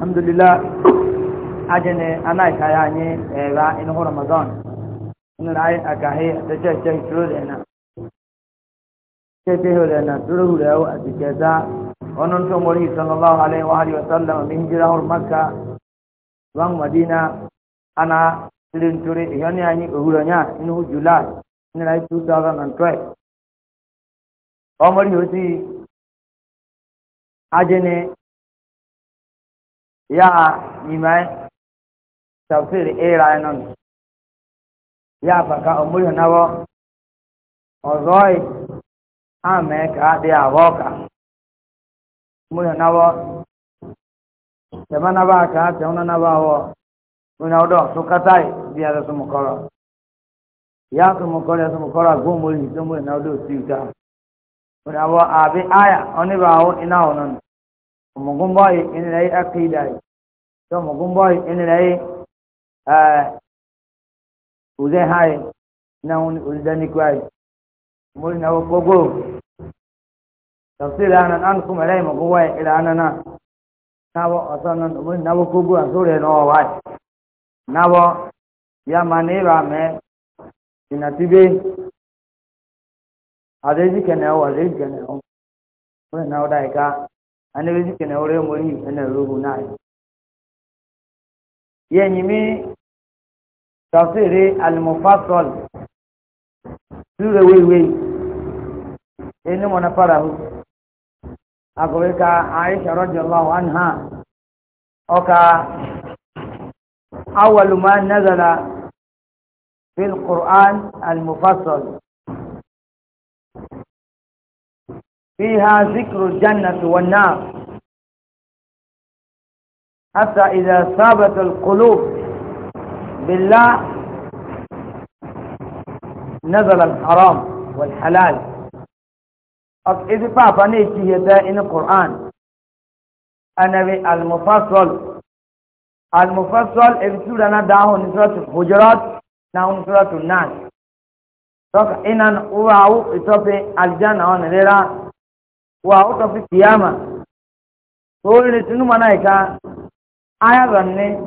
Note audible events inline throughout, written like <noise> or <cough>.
alhamdulillah ajene ana kaya ne eh, ra in ramadan in rai akahe da ce ce shiro da na ce ce hore na duru da yau a cikin sa wannan to mori sallallahu alaihi wa alihi wa sallam min jirahur makka wan madina ana tirin ture yani ani uhuranya in hu july in 2012 omori hosi ajene ya nyimai tafsiri era non ya baka omuri nawo ozoi ame ka de avoka muri nawo jamana ba ka tona na ba wo una odo sukatai dia da sumukoro ya sumukoro sumukoro gumuri sumuri na odo siuta una wo abi aya oni ba wo ina onon mugun boy in rai aqida to mugun boy in rai eh na un uldani kwai mul na wogo tafsir ana an kuma rai mugun boy ila na wo ọsọ na wogo na ya mane ba me inatibe adeji ana bɛ sikɛ na ɔrɛ mɔri yi ɛna rogo naa yi yɛ nyimi tafsiri alimufasol sure weiwei ɛni mɔna parahu akɔbɛ ka aisha rɔjɔlɔhu anha ɔka awalu ma nazala fi فيها ذكر الجنة والنار حتى إذا ثابت القلوب بالله نزل الحرام والحلال إذا بابا نيتي يدائن القرآن أنا المفصل المفصل إذا إبتولنا داهو نسرة الحجرات ناهو نسرة الناس إنان أوعو إتوبي الجنة ونريرا wa utafi kiyama to ne tunu malaika aya zanne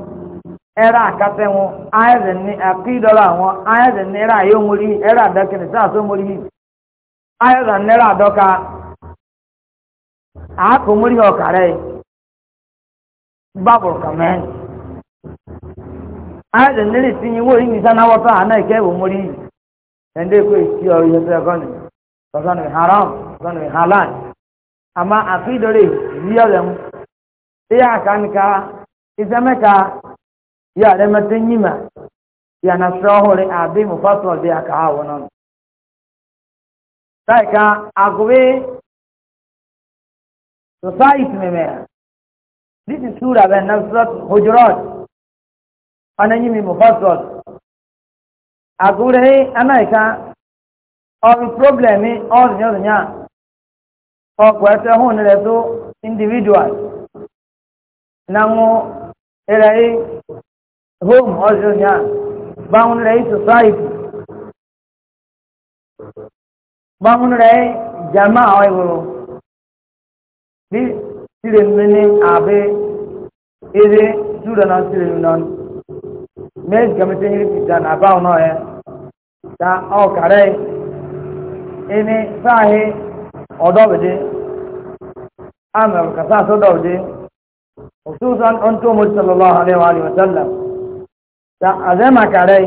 era akate aya zanne akidola wo aya zanne era yomuri era dakene sa so muri aya zanne doka a ko muri ho kare babu kamen aya zanne wo sa na wo muri ende ko isi o yo se haram halal amma a fi dore ziyarar iya kanka isa maka ya da matan yi ma ya na shahorin abin mufasuwar da ya kawo wannan sai ka a gobe society mai mai this is sura ben na surat hujurat anan yi mai mufasuwar a gobe ana ọkọ̀ ẹsẹ̀ hụ nílẹ̀ tó individual na ilẹ̀ yìí home ọ̀sùn yà society báwọn jama ọhụrụ, ìwòrò bí sílẹ̀ mímí ịrị ilé júlọ náà sílẹ̀ mímí náà nri ọdọbìdì amẹ̀rù kàtà sọdọbìdì òṣùṣàn ọ̀ntò mùsùlùmọ́ àríwá àríwá sẹ́lẹ̀ ta àzẹ́mà kàrẹ́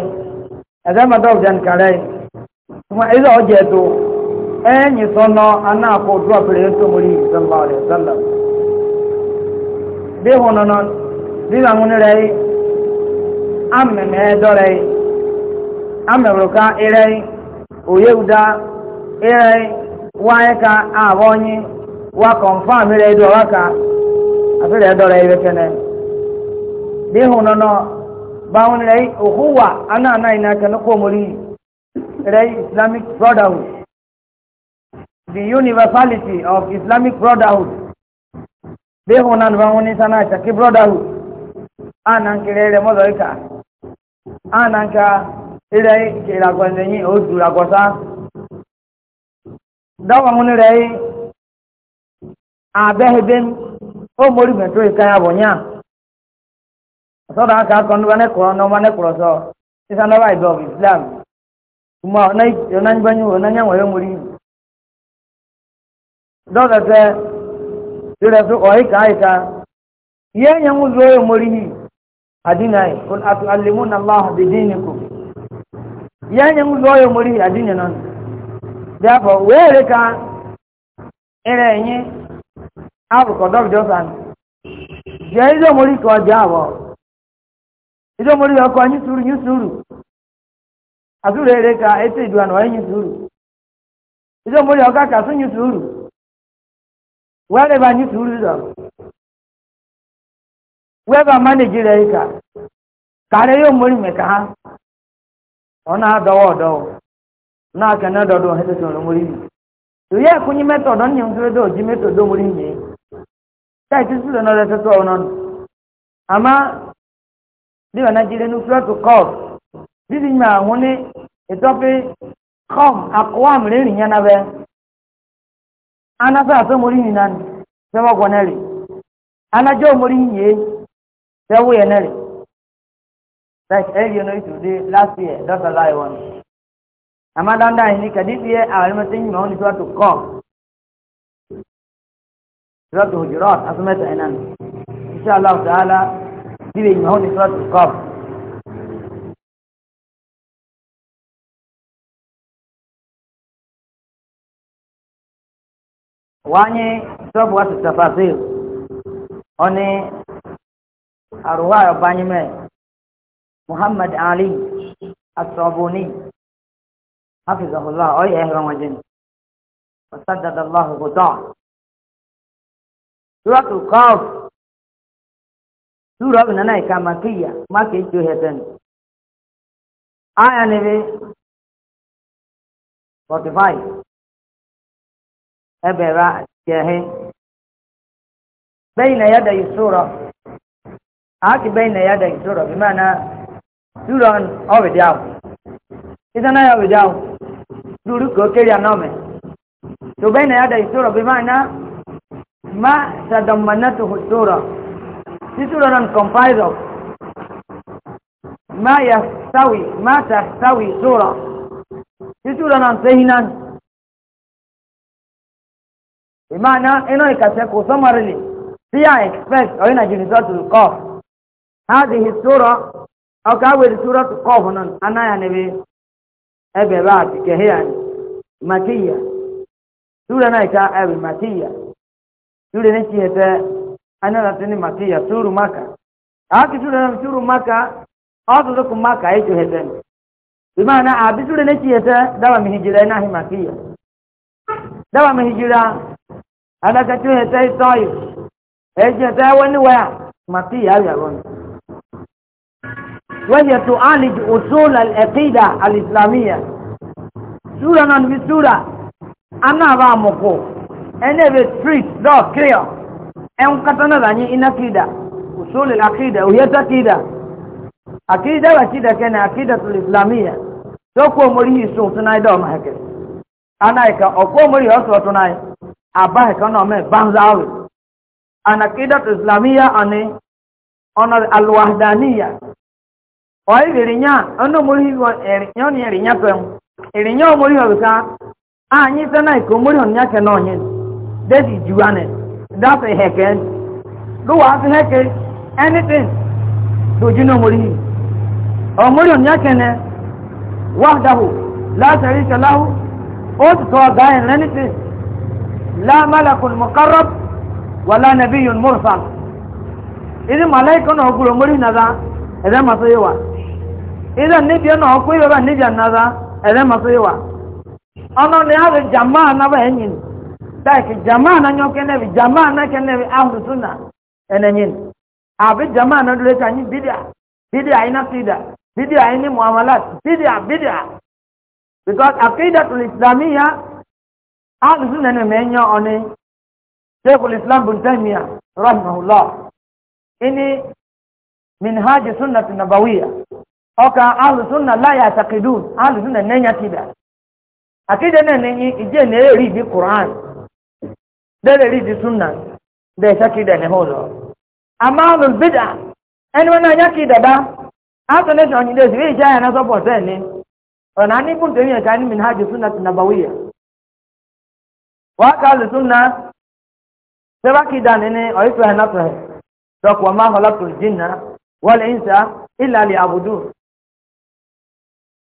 àzẹ́mà dọ́bìdì kàrẹ́ kuma ilé ọjà ètò ẹ̀yìn sọ́nà anáàkó dúrọ̀pẹ̀rẹ̀ ètò mùrí sẹ́lẹ̀ àríwá sẹ́lẹ̀ bí wọn nọ bíbá ń rẹ̀ amẹ̀mẹ̀ dọ́rẹ̀ amẹ̀rù ká ẹ̀rẹ̀ òye ìdá ẹ̀rẹ̀ wáyé ka àbọ̀ yín wá kọ̀nfàm rẹ̀ dọ̀ wá ka àfi rẹ̀ dọ̀ rẹ̀ yẹ kẹ́nẹ́ bí hùn nọ́nọ́ báwọn rẹ̀ òhùwà aná àná iná kẹ́nu islamic brotherhood the universality of islamic brotherhood bí hùn náà báwọn ní sanáà ṣàkí brotherhood àná kiri rẹ̀ mọ́lọ́ ìka àná ka rẹ̀ ìkìlàgbọ̀nsẹ̀yìn ó dùràgbọ̀sá. Dọwa ŋun rɛ ye abɛhe omori o mori mɛtɔ yi nya sɔdɔ aka akɔ na ne kɔrɔ na ne kɔrɔ islam kuma ɔna ɔna nyiba nyi nya wɔyɛ mori dɔw tɛ ka ayi ihe yɛ nya ŋun zɔ yɛ mori yi adina atụ ko atu na allah n'ikwu omori therefore were ka ere enyi abụkọdọb jọsan jee izomori ka ọ dị abụọ izomori ọkụ anyị suru anyị suru asụrụ ere ka ete iduanụ anyị suru izomori ọka ka asụ anyị suru were ba anyị suru ụzọ wee ba manajiri ka karịa ya omori ka ha ọ na-adọwa ọdọwa. náà kẹ́nà dọ̀dọ̀ ẹ̀sẹ̀ sọ̀rọ̀ mórí yìí torí ẹ̀kú yín mẹ́tọ̀ ọ̀dọ́ ní ìhùn tó jí mẹ́tọ̀ ọ̀dọ́ mórí yìí táì tí sílẹ̀ náà lẹ́sẹ̀ sọ̀rọ̀ náà àmọ́ bí wọn náà jíire ní flọ́ọ̀tù kọ́ọ̀f dídì yín àwọn ní ìtọ́pẹ́ kọ́m àkọ́wàm rẹ́rìn yẹn náà bẹ́ anáfẹ́ àfẹ́ mórí yìí náà sẹ́wọ́ gbọ́n náà rè anájọ́ mórí yìí sẹ́wọ́ yẹn náà rè láti ẹ̀rí yẹn náà ìtòdé last year dọ́tà láì wọn amma dan da ni kadisi ya a almatin ma wani suwatu qaf suwatu hujurat asmata inan insha Allah ta'ala dibe ma wani suwatu qaf wanye sabu watu tafasir oni arwaya banyime Muhammad Ali الصابوني حفظه الله أي أهل وجن وسدد الله غطاء سورة القاف سورة ابن نايكا مكية مكي جوهتن آية نبي 45 أبرا جاهي بين يدي السورة أكي آه، بين يدي السورة بمعنى سورة أو بديابو إذا يا وجاو دورك كيريا نامه تبين هذا السورة بمعنى ما تضمنته السورة This سورة comprised of ما يستوي ما تستوي سورة This سورة سهلا بمعنى إنه يكسكو summarily فيها expect أو هنا جنسات القاف هذه السورة أو كاول سورة قاف أنا يا نبي ebe baati keheani matiya sura naita ewe matiya sura nechihete anaratini matiya suru maka aki sura na suru maka otuzuku maka echuheteni bimaana abi sura nechihete dawa mihijira enahi matiya dawa mihijira adakachuhete itoyo echihete eweniwea matiya awyabona وهي تعالج أصول العقيدة الإسلامية سورة نان بسورة أنا بامكو أنا بستريت دو كريو أم كتنا ذاني إن عقيدة أصول العقيدة وهي تكيدة عقيدة وعقيدة كان عقيدة الإسلامية تقوى مريه سوء تناي دو هيك أنا إكا أقوى مريه سوء تناي أباه كنا من بانزاوي أنا عقيدة الإسلامية أني أنا الوحدانية ọ̀yí ìrìnyà ọ̀nà mórí ìrìnyà ní ìrìnyà pẹ̀m ìrìnyà mórí ọ̀rùká ààyí sẹ́nà ìkó mórí ọ̀nìyà kẹ́nà ọ̀yẹ́ dẹ́sì jùwà nẹ̀ dáfẹ̀ hẹ̀kẹ́ lówà fi hẹ́kẹ́ anything dojú náà mórí yìí ọ̀mórí ọ̀nìyà kẹ́nẹ̀ wáhdáhù látàrí ṣọláhù ó ti tọ́ ọ̀gá ẹ̀ anything láàmàlàkùn mọ̀kárọ̀b idan níbi ẹ̀nà ọkọ̀ ìrọ̀bà níbi ere ẹ̀rẹ́mọ̀sọ ìwà ọnọdụ ni jamaa rẹ̀ jàmá ànábà jamaa dáìkì jàmá ànáyọ́ kẹ́nẹ́bì jàmá ànákẹ́nẹ́bì ahùsùnà ẹ̀nẹ̀yìn àbí jàmá ànádúró kanyí bidia bídíà iná fídà bídíà iní muamalat bidia bidia because islam bin ini minhaj ọka alụsụna laya takidun alụsụna nenya tibia akide na nenyi ije na eri di quran dere ri di sunna da takida ne Ama amma alul bid'a na wana yaki dada aso ne so nyide zi ija ya na so po sene ona ni pun temi ka ni min haji sunna nabawiya wa ka alsunna sabaki danene oitu hanato dokwa ma insa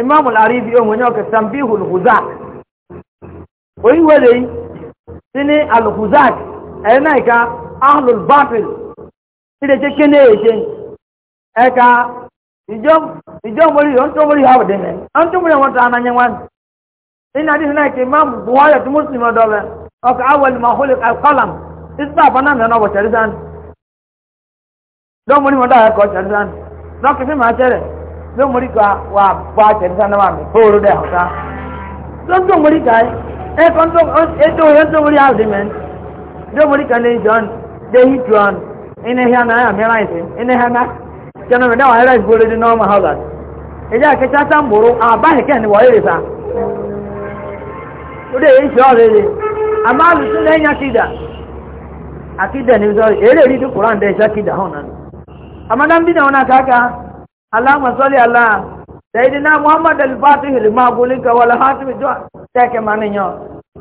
imam al-aribi onye oh, ọka tambihul huzak oyi wele si ni al-huzak ẹ̀yẹ náà ka ahlul batil ti de keke ne eke ẹka ìjọ mori yọ ntọ mori buhari muslim ọdọbẹ ọka awọli ma holik alkalam isba abana mẹ n'ọbọ sẹrisan dọmori mọ dọ ayẹkọ sẹrisan ma zo muri ka wa ba ta ta na ma mi ko ru da hausa zo zo muri ka e kon to e to he zo muri ha de men zo muri ka ne john de hi john ine ha na ya me ra ise ine ha na jana me da wa ra go de no ma ha da e ja ke cha ta mburu a ba he sa o de yi sho re re ama lu sun nya kida akida ni zo ere ri du quran de sha kida honan amana mbi na ona kaka Allahumma salli ala sayidina Muhammad al-Fatih lima gulika wal hatim jo teke maninyo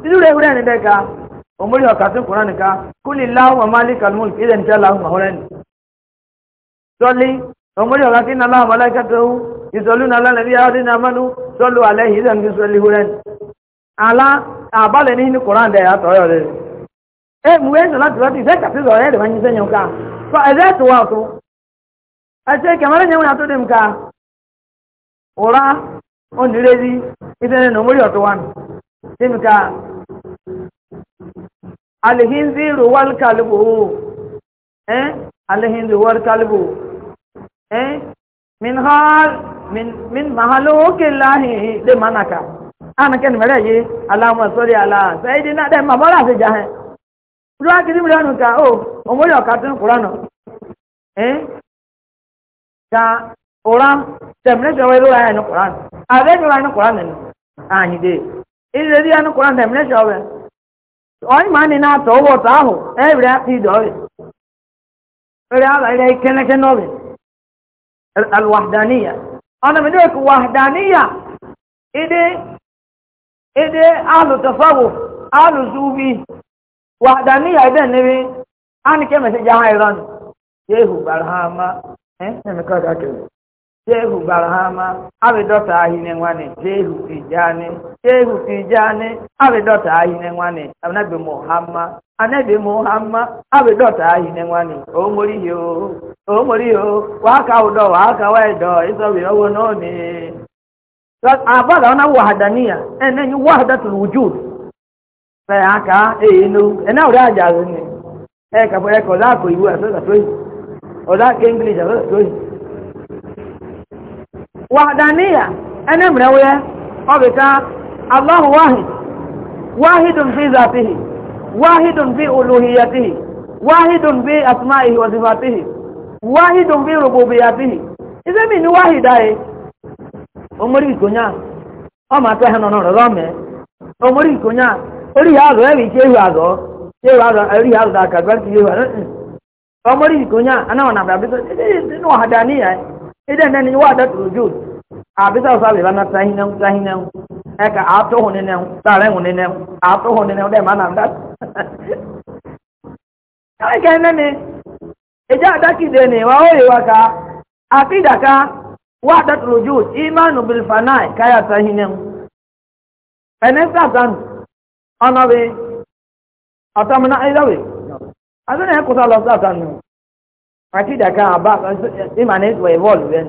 tidure hure ni deka umuri wa kasim Qur'an ka kulli Allahumma malikal mulk idan ta Allahumma hulan salli umuri wa kasin Allah malaikatu yusalluna ala nabiyyi adina amanu sallu alayhi idan yusalli hulan ala abale ni ni Qur'an da ya toyo de e muwe salatu lati zaka tizo ere banyi senyoka fa e, azatu watu ace kamar ne wani to dimka ora on direzi idan no muri oto wan dimka alhinziru wal kalbu eh alhinziru wal kalbu eh min hal min min mahalukillahi de manaka ana ken mere yi allahumma salli ala sayidina de mabara se jahe ruwa kiri mi ranuka o oh, omori okatun qur'an eh ta quran temperature wey ruwa ya ni quran a zai ruwa ni quran ne a ni dai in zai ruwa ni quran temperature wey onye ma ni na atọ ụbọchị ahụ ọna mi dịka wahdaniya ide Eh, emeka dakere jehu bara ha ama abidọta ahine nwane jehu Fijani jehu Fijani abidọta ahine nwane anabi muhamma anabi muhamma abidọta ahine nwane omori yo omori yo waka udọ waka wedo isobi owo noni abada ona wahdaniya enenyi wahdatul wujud fẹ aka eyinu ẹnna e, ọrẹ ajazi ni ẹ e, kàfọ ẹ e, kọ láàkó iwu. àti ọjà tó ọ̀dá ké english ọ̀dọ́ ìtòyì. wàdàníyà ẹni mìíràn wíyẹ ọ̀bìtá aláhùn wáhìd wáhìdùn fi zàtìhì wáhìdùn ya olùhìyàtìhì wáhìdùn fi asmáìhì wàsífàtìhì wáhìdùn fi rògbòbìyàtìhì. iṣẹ́ mi ni wáhìd ayé omori ìkònyà ọmọ àti ẹ̀hìn ọ̀nà ọ̀rọ̀ mẹ́ omori ìkònyà orí ìhà àzọ̀ ẹ̀rì ìṣe ìhù àzọ̀ ọmọdé ìkóyà anáwọn àbúrò àbísọ ni wọ́n àdá tó lójú àbísọ sábà ìlànà sáhínà sáhínà ẹ̀ka àtọ́hùn nínú sàrẹ́ hùn nínú àtọ́hùn nínú dẹ̀ máa nàá dá. a kẹ́ ẹ̀ ní ẹjẹ́ àdákìdé ni wà ó yẹ wá ká àkìdàká Azụ na ekụsa lọsụ asanụ. Ati daka aba ịma na ịtụ evolve then.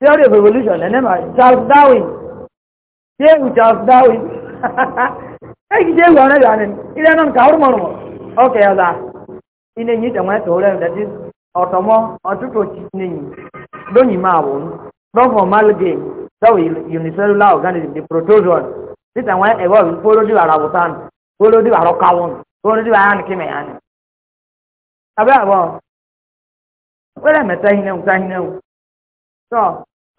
Theory of evolution ene ma Charles Darwin. Jehu Charles Darwin. Eki <laughs> Jehu ọ̀nà ìlú àná ilé ẹnu nǹkan ọ̀rùmọ̀ ọ̀rùmọ̀. Ok ọ̀la. Ine nyi tẹ̀wọ̀n ẹ̀tọ́ rẹ̀ that is ọ̀tọ̀mọ́ ọ̀tútù òtí nìyí. Lónìí máa wò ó. Lọ́fọ̀ Malgame sọ̀rọ̀ unicellular organism the protozoan. Títà wọn evolve kólódì àràbùtán kólódì àrọ́káwọn kólódì àyànkìmẹ̀yàn. abịa àbọ̀ wẹ́rẹ́ mẹ́ta hinẹ́hùn ta hinẹ́hùn tọ́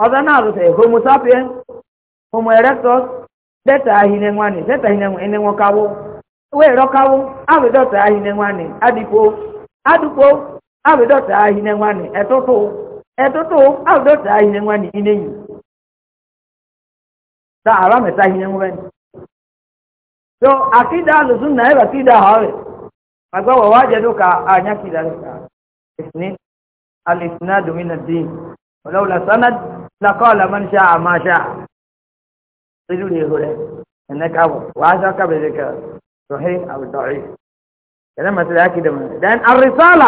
ọ̀dọ́ náà ló sẹ́ homo sapien homo erectus dẹ́ta hinẹ́hùn wani dẹ́ta hinẹ́hùn ẹnẹ́wọ̀n káwó wẹ́ẹ̀rọ káwó ahịa hinẹ́hùn wani adipo adipo àbẹ̀dọ́ta hinẹ́hùn wani ẹ̀tọ́tọ́ ẹ̀tọ́tọ́ àbẹ̀dọ́ta hinẹ́hùn wani hinẹ́yìn tá àbá mẹ́ta hinẹ́hùn wẹ́ni. tó àkídà na náà agbawo wajadu ka anya kidalika isni al-isnad min ad-din walaula sanad laqala man sha'a ma sha'a tilu le hore انك ابو وهذا قبل ذلك صحيح او ضعيف كلام مثل كده لان الرساله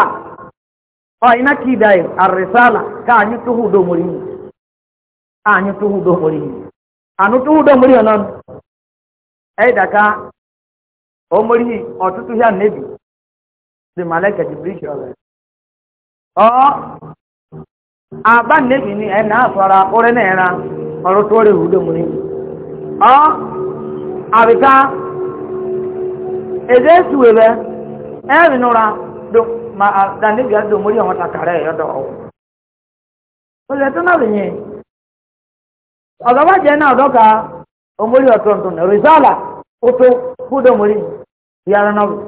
اه انك داير الرساله كان يتهو دومري ان يتهو دومري ان يتهو دومري نون اي دكا omori ọtụtụ ya nebi the malaika jibril ṣọrẹ ọ abánilébi ni ẹ náà fara ọrẹ náà ra ọrọ tó rẹ mu ni ọ àbíká èdè èsùwè bẹ ẹ rìnnúra do ma dàníbi àti domori àwọn takara ẹ yọdọ ọ olè tó náà rìnyìn ọ̀dọ́bàjẹ́ náà ọ̀dọ́ka omori ọ̀tọ̀ọ̀tọ̀ rìsálà ó tó yàrá náà.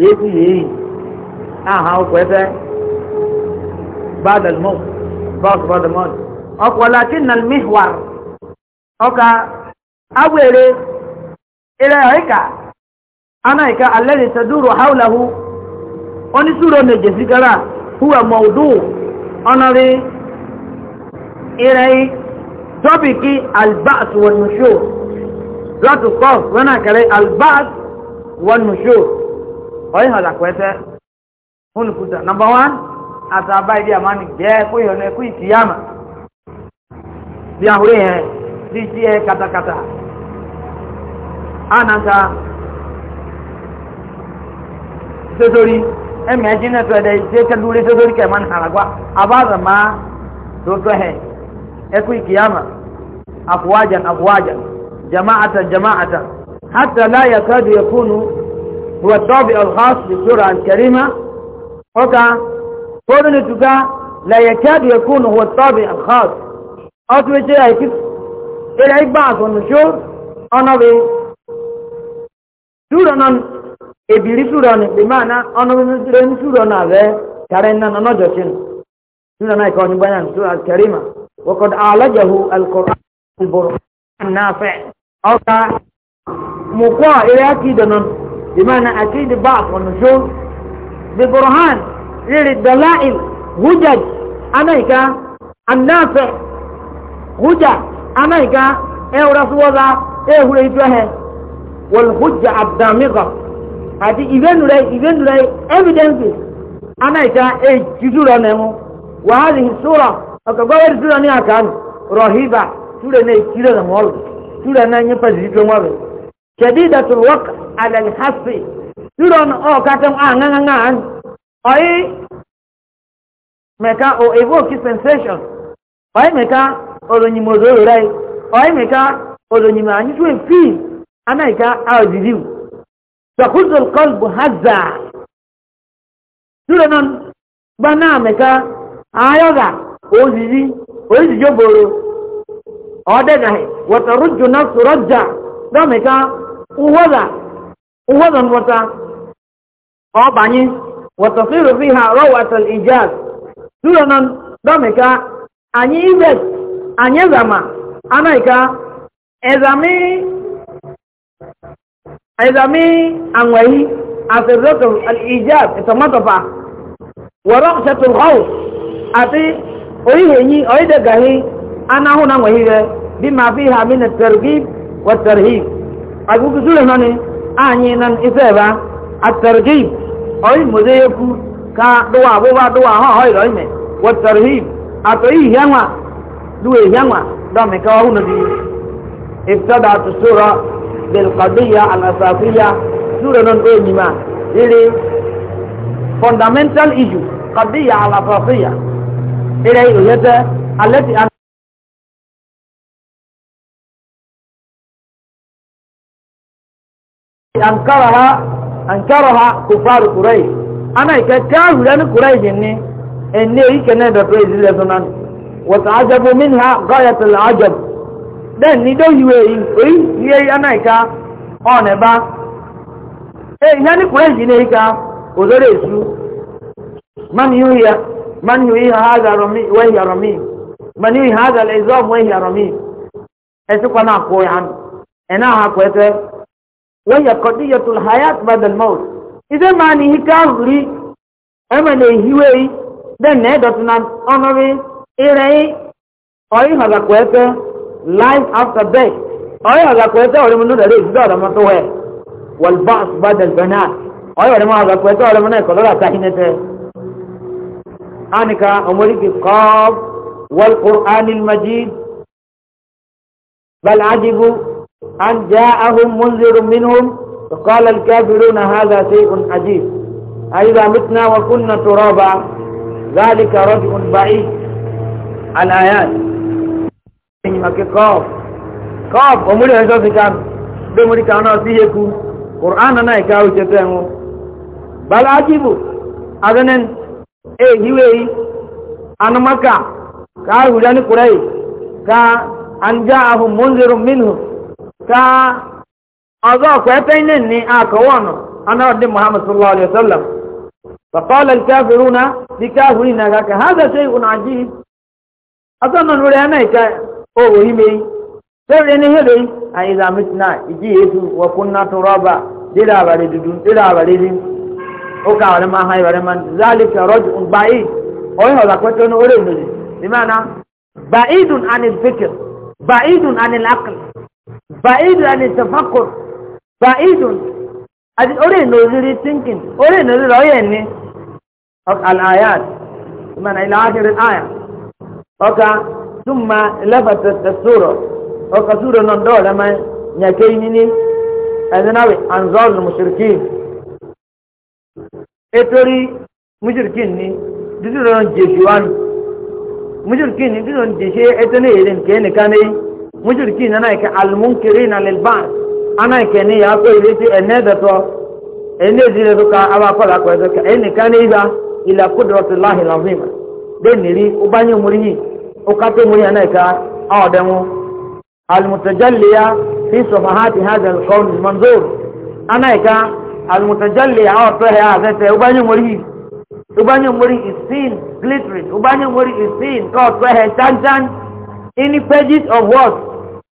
yéésì yìí àhàn ọkọ̀ ẹ̀fẹ́ bàdàl mọ́t bọ́ọ̀sì bọ́ọ̀dà mọ́t ọkọ̀ láti nà mihwar ọkà awèrè ilẹ̀ ọ̀ríkà ana ìka alẹ́rìí sẹ́dúró hàwùláhù onísùúrò méje sígára huwa mọ̀ọ́dù ọ̀nàrí ilẹ̀ tọ́pìkì albaas wọn nùṣó lọ́tù kọ́ wọn àkàrẹ́ albaas wọn nùṣó. oyi hàn làkùẹ́tẹ́ olùkùtà nọmba wán àtàbá ìdí àmánì jẹ́ kó ìhọ̀nà ẹ̀kú ìtìyàmà bí ahùrẹ́ yẹn bí katakata ànàta sẹ́sọ́rí ẹ̀mí ẹ̀jẹ̀ náà tó ẹ̀dẹ̀ ìtì kẹ́dúrí sẹ́sọ́rí kẹ́mà ní àràgbá àbázàmá tó tó hẹ̀ ẹ̀kú ìtìyàmà àfọwájà àfọwájà jama'atan jama'atan ya la yakadu yakunu هو الطابع الخاص بالسورة الكريمة وكا فورن تكا لا يكاد يكون هو الطابع الخاص أطوي شيء يكف العباس والنشور أنا بي سورة نان إبيري سورة بمعنى أنا بي سورة نابي كارينا ننجوشين سورة نايكون بيان سورة الكريمة وقد عالجه القرآن البرهان النافع أو مقوى إلى أكيد نان بمعنى أكيد البعث والنشور ببرهان للدلائل هجج أمريكا النافع هجة أمريكا إيه رسول إيه ريتوه والهجة الدامغة هذه إذن رأي إذن رأي evidences أمريكا إيه جزورة نمو وهذه السورة أكبر سورة نياكان رهيبة سورة نيكيرة نمو سورة نيكيرة نمو شديدة الوقت ala alhasi iron o oh, katam a nga nga oi meka o oh, evoke sensation oi meka oronyi oh, mozoro rai oi meka oronyi ma anyi twe fi anaika azidiu takhudhu alqalb hazza iron bana meka ayoga ozizi ozizi joboro ọdẹ gahe wata rujju nafsu rajja dọmika uwada Ụgwọ ndọta ọ bụ wata wọtọsịrị pị ha ruo atọl ijaar dọla nnọọ ndọm anyị ịnweghi anya zama anaghịkwa ezamị "Ezami angwayi asiri ruo atọl ijaar atọmatọ bụ ha ruo Shetumhau atị oyiyo enyi oidegaghi anaghịkwa angwayi ije dị mụ na pị ha amị nọtọrọ gị nwọtọrọ gị agụkwa dọla nnọọ nị. anyị nan ife ba atarghib oyi muze yeku ka duwa abuba duwa ha hoyi roi me wa tarhib atoyi yanwa duwe yanwa do me ka hu nabi ibtada sura bil qadiyya al asasiyya sura non o nyima ile fundamental issue qadiyya al asasiyya ile yote alati ankaraha ankaraha kufaru kurai ana ika tahu lani kurai jinni enne ike ne da praise le sunan wa ta'ajabu minha ghayat al'ajab dan ni do yiwe yi oi ye ana ika one ba e yani kurai jinni ika odore su man yuya man yuya ha ko وهي قضية الحياة بعد الموت إذا معنى هكاظلي أما نهيوي ده نهدتنا أنوي إلهي أي هذا كويته life after death أي هذا كويته ولا منو ده ليش ده توه والبعث بعد البناء أي ولا ما هذا كويته ولا منو يقول لا تهينته أنك أمريك قاب والقرآن المجيد بل عجبوا أن جاءهم منذر منهم فقال الكافرون هذا شيء عجيب أئذا متنا وكنا ترابا ذلك رجع بعيد الآيات مكي قاف قاف ومولي حساسي كان بمولي كان سيكو قرآن أنا إكاو جتنه بل عجيب أذنن إيه هيوي أنا مكا كاي وجاني قرأي كا أن جاءهم منذر منهم ta ọzọ kwẹfẹ ne ni a kawo nọ ana ọdị muhammad sallallahu alaihi wasallam فقال الكافرون لكافرين كاك هذا شيء عجيب أصلا نقول أنا كا أو هيمي سبعين هيري أن إذا متنا إجي يسوع وكنا ترابا دلا بريدون دلا بريدين أو كأول ما هاي ورمان ذلك رجع بعيد أو هذا كتير نقول إنه بمعنى بعيد عن الفكر بعيد عن العقل bàídùn àti tẹ̀fọ́kùr bàídùn àti orí ìnà òrìrì tínkìn orí ìnà òrìrì ọ̀yẹ̀ ni àlàyàt ìmọ̀nà ilẹ̀ ákìrì àyà ọkà túmọ̀ ẹlẹ́fẹ̀tẹ̀ sọ̀rọ̀ ọkà sọ̀rọ̀ náà dọ́ọ̀lẹ́ máa nyàkẹ́ yìí ní ẹ̀dínáwì anzọ́ọ̀lù mùsùlùkì ètòrí mùsùlùkì ni dídúró jèṣù wánu mùsùlùkì ni dídúró jèṣù ètò ní èdè nìkẹ́ nìkan ní mushriki na naike almunkiri na lilban ana ike ni ya ko ile ti ene da to ene zire to ka aba ko la ko to ka ene ka ni ba ila qudratu llahi lazima de niri ubanyo muri o ka to muri ana ka aw de mu almutajalliya fi safahati hadha alqawl almanzur ana ka almutajalliya aw to ya zete ubanyo muri ubanyo muri is seen glittering ubanyo muri is seen ko to he chan chan in pages of words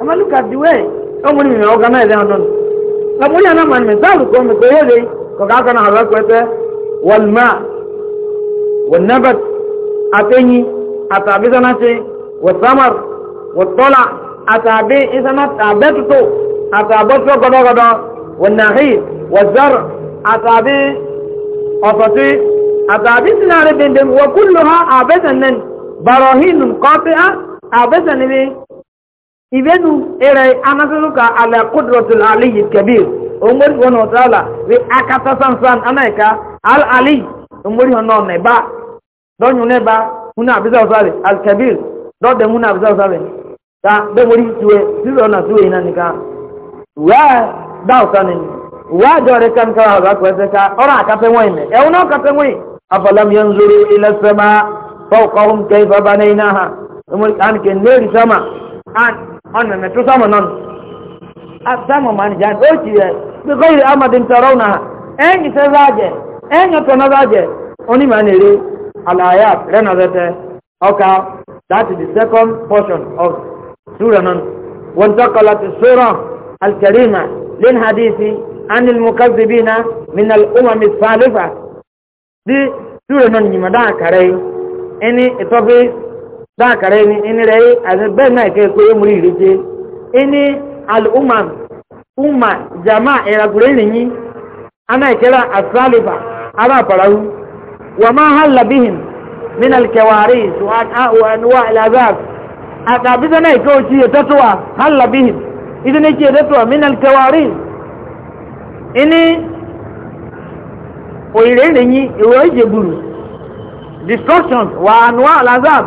I mean, look at the way somebody may organize it. Somebody and a man may say, look, I'm going to كذلك أنا حضرت والماء والنبت أتني أتابي سنتي والثمر والطلع أتابي إسنا تابتتو أتابتو قدا قدا والنخيل والزرع أتابي أفتي أتابي سناري بندم وكلها أبسنن براهين قاطعة أبسنن ibenu ere anasiru ka ala kudratul aliyu kabir omori wọn ọtala wi akata sansan anaika al ali omori hàn náà nẹba dọnyun ba hunu abisa ọsàlẹ al kabir dọdẹ hunu abisa ọsàlẹ ta bẹmori tiwẹ sísè ọ̀nà tiwẹ yìí ka wẹ́ẹ́ dá ọ̀sán ni wẹ́ẹ́ dọ̀rẹ́ kan afalam أنا متوسع منون أسمع من جان أوكي بغير أمد ترونها أين سزاجة أين تنزاجة أني ما نري الآيات لنا ذاته أوكا that is the second portion of سورة نون وانتقلت السورة الكريمة للحديث عن المكذبين من الأمم السالفة دي سورة نون يمدع كري إني إتوفي dákàrẹ́ ni ẹni rẹ̀ àti bẹ́ẹ̀ náà kẹ́ pé ó múrí ìrètí ẹni al'umma umma jama ìragùrẹ́ nìyí ana ìkẹ́ra asálìfà ara àpàràwù wà máa hàlà bíhìn nínú alkẹwàrí ṣùgbọ́n al'azab àtàbíta náà ìkẹ́ òjì ìtọ́tọ́wà hàlà bíhìn ìdí ní kí ìtọ́tọ́wà nínú alkẹwàrí ẹni òyìnrẹ́ nìyí ìwọ̀ ìjẹ̀gbùrù destruction wà ànúwà al'azab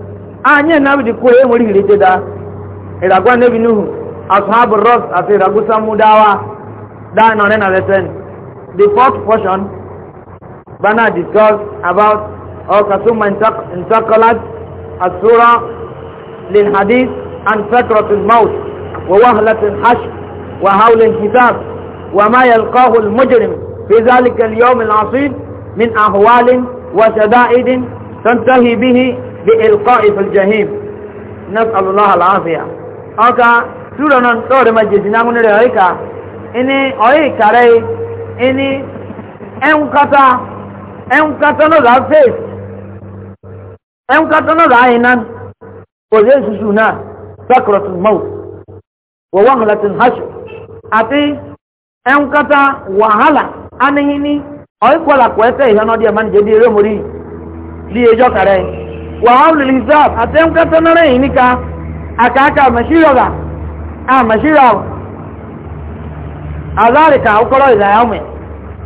anya na bi ko e muri hire da iragwa nabi binuhu ashabu ras ati ragusa mudawa da na ne na lesen the fourth portion bana discuss about or kasuma intaqalat asura lil hadith an sakrat al-maut wa wahlat al hash wa hawl al kitab wa ma yalqahu al-mujrim fi zalika al-yawm al-'asib min ahwal wa shada'id tantahi bihi بإلقاء في الجحيم نسأل الله العافية أوكا سورة نطور ما من رأيكا إني أي كاري إني أم كتا أم كتا نزا فيس أم كتا نزا عينا وزيس سونا سكرة الموت ووهلة الحشر أتي أم كتا وهلا أنهيني أي كولا كويتا إذا نودي من جدي رمري ليجو كاري wa hamlul hisab atem ka tanare inika akaka mashiraga a mashirawa azalika okoro ila yamwe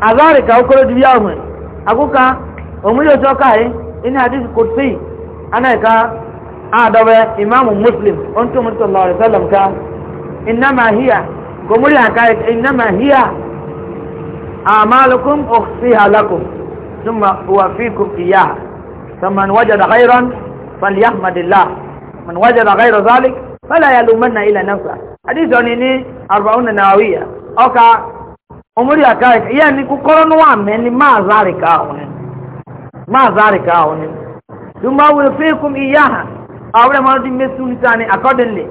azalika okoro dibi yamwe akuka omuyo toka yi ina hadisi kursi ana ka a dabe imamu muslim on to mutum sallallahu alaihi wasallam ka innama hiya فمن وجد غيرا فليحمد الله من وجد غير ذلك فلا يلومن إلى نفسه حديث أنني أربعون نووية أوكا أمري أكايك يعني كقرن وامن ما ذلك أهون ما ذلك أهون ثم أوفيكم إياها أولا ما نتي مسؤول تاني accordingly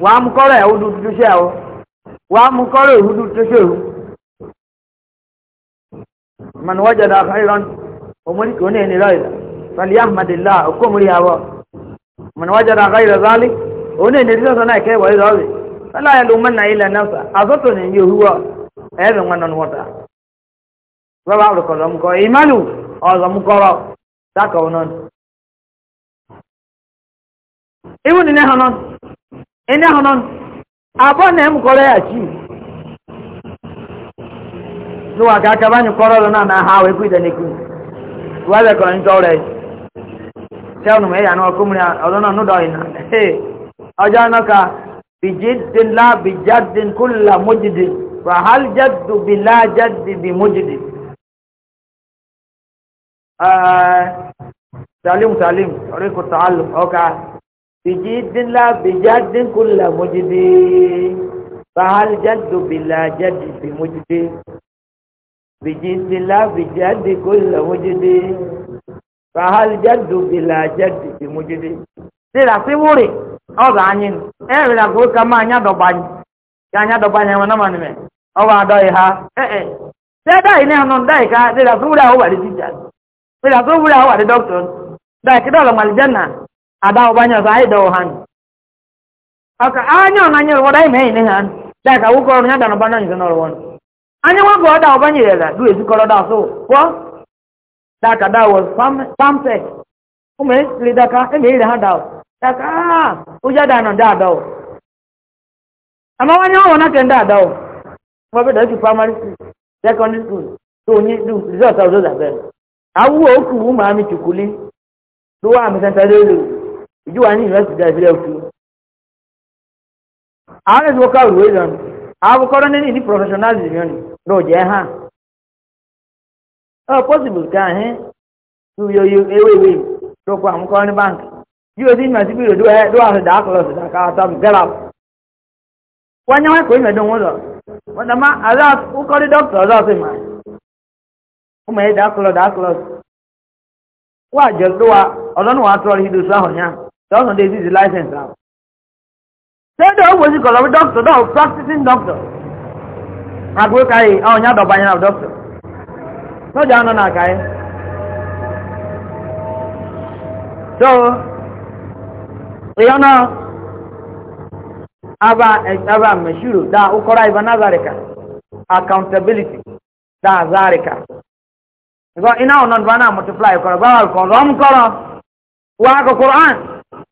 وام كورا يهودو تشيه وام كورا يهودو تشيه من وجد خيرا وملك ونين رايدا فليحمد الله وكم رياوا من وجد غير ذلك ونين ريدا سنا كي وي راوي فلا يلومن الا نفسه اظن ان هو ايضا من وتا بابا ركلم كو ايمانو اعظم كرا تكونون even in hanon in hanon abon em kore achi no aga ka banyu koro na na hawe kuida wáyé kan ń tọrẹ tẹ́wọnù mẹ́yà náà kúmùrẹ́ ọ̀dọ́ náà núdọ̀ ìnà ọjọ́ náà ka bìjìdín lá bìjádín kúlà mójìdì rahal jádù bí lá jádì bí mójìdì. salim salim orí kò tọ́ àlù ọ̀ka bìjìdín lá bìjádín kúlà mójìdì rahal jádù bí lá jádì mójìdì. بجد لا بجد كل مجد فهل جد بلا جد بمجد سيرا سيوري أوضا عنين إيه بلا قول كما أنيا دوباني كأنيا دوباني وانا ما نمي أوضا دويها إيه إيه سيدا إني هنون دايكا سيرا سورا هو دي تيجا سيرا سورا هو دي دكتور دايكا دولا مالجنة أداو بانيا سعيد دوهان أكا آنيا نانيا وداي مهي نهان دايكا وكو نيا دانو بانيا نسنور وانو anya nwa bụ ọda ọba nyerela du ezikọrọ da so pụọ daka da wọ pampe ụmụ esiri daka e ha da daka ụja da nọ da ada ama wanye na ọ e primary school secondary school tó onye du resort ọzọ zabe awụwa oku ụmụ amị chukwuli tụwa amị sentara elu iji wanye university da ebire oku ezigbo wee abụkọrọ ndị n'isi professionalism yoni n'oje ha ọ possible ka anyị tuyoyo ewewe dokwa amụkọrọ bank yóò sì mà sí bí ìròdó ẹ ló àṣẹ dàákọlọ sí dàkà àtàbí gẹlà wọn nyẹ wọn kò ìmẹdọ wọn lọ wọn dàmá àlá ukọrí dọkítọ ọdọ sí mà ó mọ ẹ dàákọlọ dàákọlọ wọn àjọ tó wa ọdọ ní wọn atọrọ ìdòsó àhọnyá tọọsán dé Send the old because of doctor, no, practicing doctor. Agwe kai, oh, nya doba nya doctor. No na kai. So, you know, aba aba mashuru da ukora ibana zarika accountability da zarika go ina onon bana multiply ko ba ko rom ko wa ko quran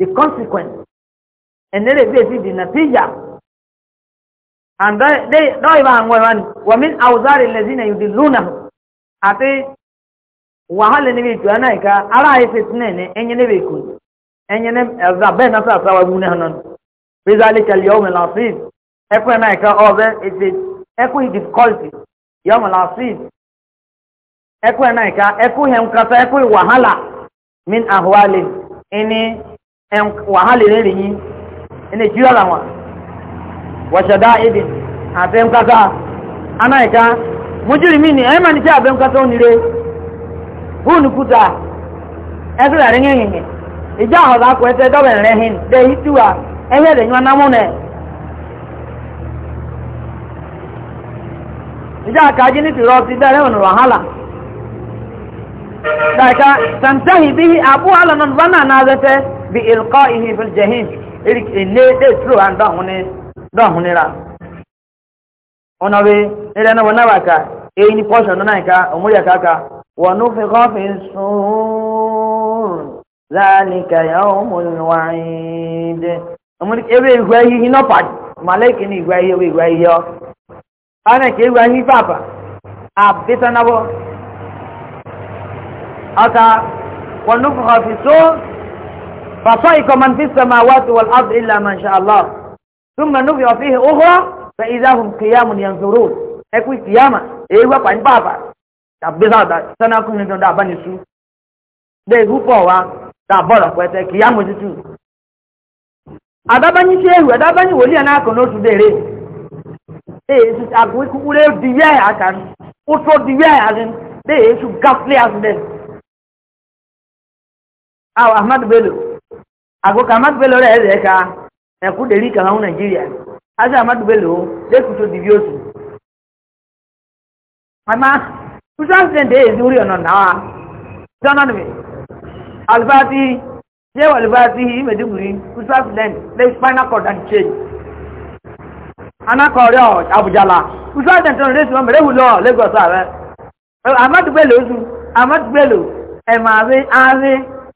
the consequence endeleze zidi natija ambaye dai ba when wa min awzari allazina yudillunahu ate wahale ni bitu anaika ara ifitnene enye ne beku enye ne eh, zabe na sasa wa gune hanan bizalika al-yawm al-asif ekwe naika obe it ekwe difficulty yawm al-asif ekwe naika ekwe hemkata ekwe wahala min ahwali ini wàhálì rẹ̀ yìí ẹni jíra làwọn wàṣàdá ìdì àbẹ́mkátá anáìká mojúrìmí ni ẹ̀yìn máa ní tí àbẹ́mkátá ó nílé bóònù kúta ẹgbẹ́ rẹ̀ yìnyìn ìjà ọ̀dà kò ẹsẹ̀ dọ́bẹ̀ rẹ̀ hìn dé ìtúwà ẹ̀yẹ́ rẹ̀ yún àkájí ní tìrọ ti bẹ̀rẹ̀ ònà wàhálà bí abúhálà náà náà zẹ́tẹ́ bí ilkọ́ ihe fi jehim ilé dé tru à ń dọ̀húnni ra ọ̀nà bí nílẹ̀ náà wọ́n náà wà ká èyí ní pọ́ṣọ̀ náà náà ká òmúrí ẹ̀ka ká wọ́n ní fi kọ́ fi sùn láàlìkà yàwó mọ̀lúwàáyíndé òmúrí ewé ìgbà yìí iná pàdé màlẹ́kì ní ìgbà yìí ewé wọ́n ní fi kọ́ فصعق من في السماوات والأرض إلا ما شاء الله ثم نفع فيه أخرى فإذا هم قيام ينظرون أكوي قيامة إيوه قاين بابا تبزا دا سنة كون يدون دا بانيسو دي غوبا وا دا بولا كويتا قيام جتو أداباني شيهو أداباني ولي أنا أكون نوتو ديري إيه سيس أكوي كولي ديوه أكان أتو ديوه أكان دي سو غفلي أكان دي أو أحمد بيلو àgùkà amádùbẹ́lẹ̀ ọ̀rẹ́ ẹ̀rẹ́ ẹ̀ka ẹ̀kú dèrí kàwọn nàìjíríà azẹ amádùbẹ́lẹ̀ o lẹ́kùtò dìbí oṣù. àmà ṣùṣà ṣẹ̀ǹdẹ̀ èzí orí ọ̀nà náà jọ́nà nìbẹ̀ alifati ṣé alifati ìmẹ̀dìbùrì ṣùṣà ṣẹ̀ǹd lẹ́yìn spinal cord and chain anakọ̀ọ̀rẹ́ àbújálà ṣùṣà ṣẹ̀ǹd ọ̀rẹ́ ṣùgbọ́n mẹ̀rẹ́ wù lọ lẹ́gọ̀ọ́sọ àrẹ amádùbẹ́lẹ̀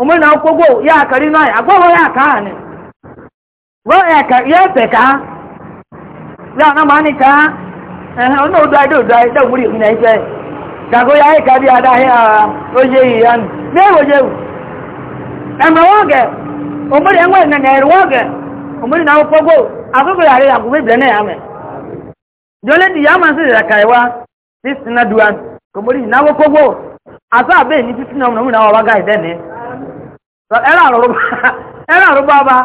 ụmụ na akwụkwọ ya akari n'ọya agwọghọ ya aka ahụ ni ya ka ya na ka ehe na anyị anyị na ife gago ya anyị ya nụ na-ewo jewu eme enwe na na-eri na akwụkwọ akwụkwọ ya arịghị agwụgwọ na ya mee jọle di ya masị dị ka na duwan ụmụrị na na ọwa ẹ̀rọ àrùbá bá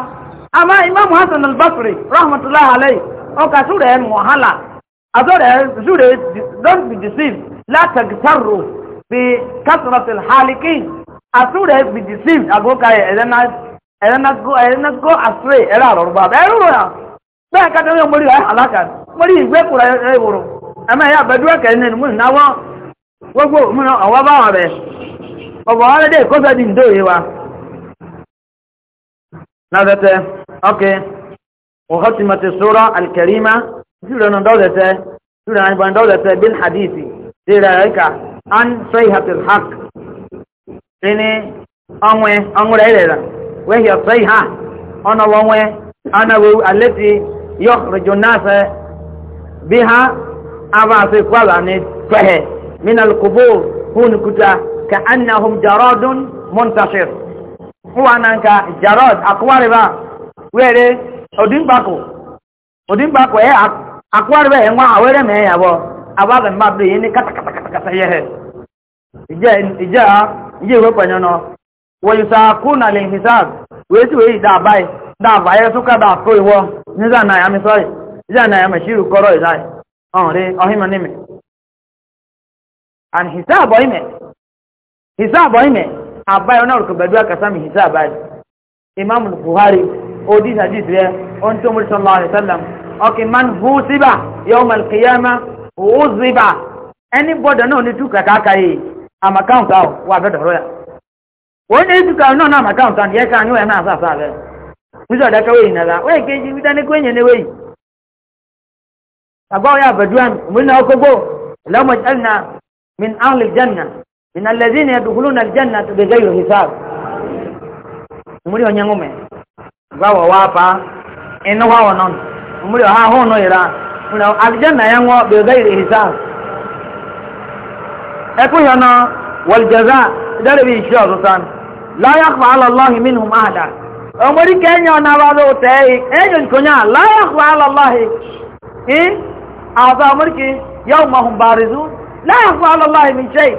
àmá imam hassan al-basri rahmatullahi alayhi ọkà súrẹ̀ ẹ̀ mọ̀hálà àtọ́rẹ̀ súrẹ̀ don't be deceived látàgítàrò bí kásìrọ̀tìl hálíkì àtúrẹ̀ be deceived àgbókà ẹ̀rẹ́nàgó astray ẹ̀rọ àrùbá bá ẹ̀rọ rẹ̀ bẹ́ẹ̀ ká tẹ́lẹ̀ mọ́rí ẹ̀ àlákà mọ́rí ìgbé kura ẹ̀ wòrò ẹ̀mà ẹ̀yà bẹ̀dú ẹ̀kẹ́ ní ẹnu múnà wọ́n gbogbo múnà ọ̀wọ́ bá wọn rẹ̀ ọ̀bọ̀ ọ̀rẹ́dẹ̀ kọ́sọ́dì ń dóye نادت اوكي وختمت السوره الكريمه سوره نادت سوره عن بندولت بالحديث ذلك عن صيحه الحق ان انوي انوي ليلا وهي صيحه انا وانوي انا التي يخرج الناس بها أبا في قلن من القبور هون كتا كأنهم جراد منتشر ụwa na nka jarod akụwarịba were odimgbako odimgbako e akụwarịba ya e, nwa awere mee ya bụ agbaghị mmadụ ihe ndị kata ya kata kata ihe ije ha ije iwepanye nọ wọnyụsa akụ na lehisab wee si wee ide abaghị ndị abaghị sụka da afọ iwọ n'iza na ya mesọrị iza na ya meshiru kọrọ ịzaghị ọhụrụ ọhịma n'ime and ime. ọhịme hisab ime. àbáyọ náà rò gbẹdúrà kàtàmì hìtà àbáyọ imam buhari odi hadith rẹ ohun tó múlẹ̀ sọ́lá àrẹ sálàm ọkì man hu síbà yọ ọmọ ìkìyàmá hu síbà ẹni bọ́dọ̀ náà ní túkà káàkà yìí àmàkáǹtà wà fẹ́ dọ̀rọ̀ yà wọ́n ní túkà náà náà àmàkáǹtà yẹ ká ní wọ́n náà sàfà rẹ̀ nítorí ọ̀dà káwé yìí nàlá wọ́n èké jí wíta ní kó yẹn níwé àbáwọ̀ yà àbẹ̀dúrà mú إن الذين يدخلون الجنة بغير حساب muri onyangume gawa wapa eno hawa non muri ha hono ira mura aljanna yango be gairi hisab eku yana wal jaza dare bi insha rusan la yakhfa ala allah minhum ahada omuri kenya na wado tei enyo konya la yakhfa ala allah in azamurki yawmahum barizun la yakhfa ala allah min shay'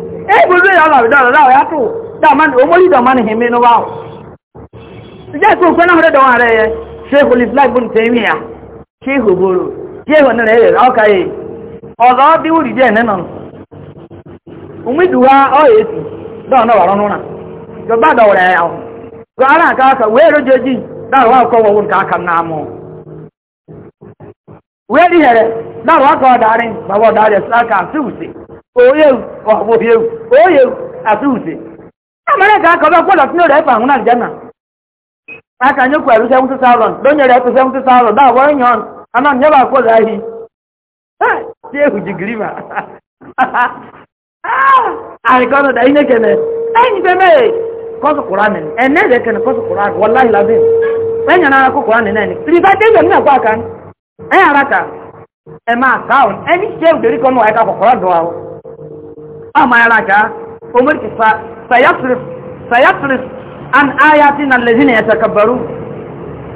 ebùdó yà ọlọ́rọ̀ dọ́rọ̀ láwọ̀ yàtọ̀ dàmánì omori dàmánì hìmí ní wáwọ̀ ìjẹ́ ìkó òkú náà dọ̀wọ̀ rẹ̀ yẹ ṣéhù lìfláìbù tèmíà ṣéhù bòrò náà rẹ̀ oyewu ọ̀bọ̀yewu oyewu àti ùsè ọmọdé kan kọ́ bá gbọ́dọ̀ tí ó rẹ̀ fà húnà jẹ́nà aka nyókù ẹ̀rú seventy thousand lóyè rẹ̀ fún seventy thousand náà wọ́n yàn Ha! náà nyẹ́bà ha! Ha! yìí tí ehù jì gírí mà àríkọ́nù <laughs> dà iné kẹ̀nẹ̀ ẹ̀yìn bẹ́ẹ̀ mẹ́ẹ̀ kọ́sù kùránì ẹ̀nẹ́ rẹ̀ kẹ̀nẹ̀ kọ́sù kùránì wọláhì lábẹ́ ẹ̀yìn ara kó kùránì náà ni tìrìbá déjọ́ nínú àgbà kan ẹ̀yìn ara kan ẹ̀ máa sáwọn ama yara ka umar na an ayatin allazina yatakabbaru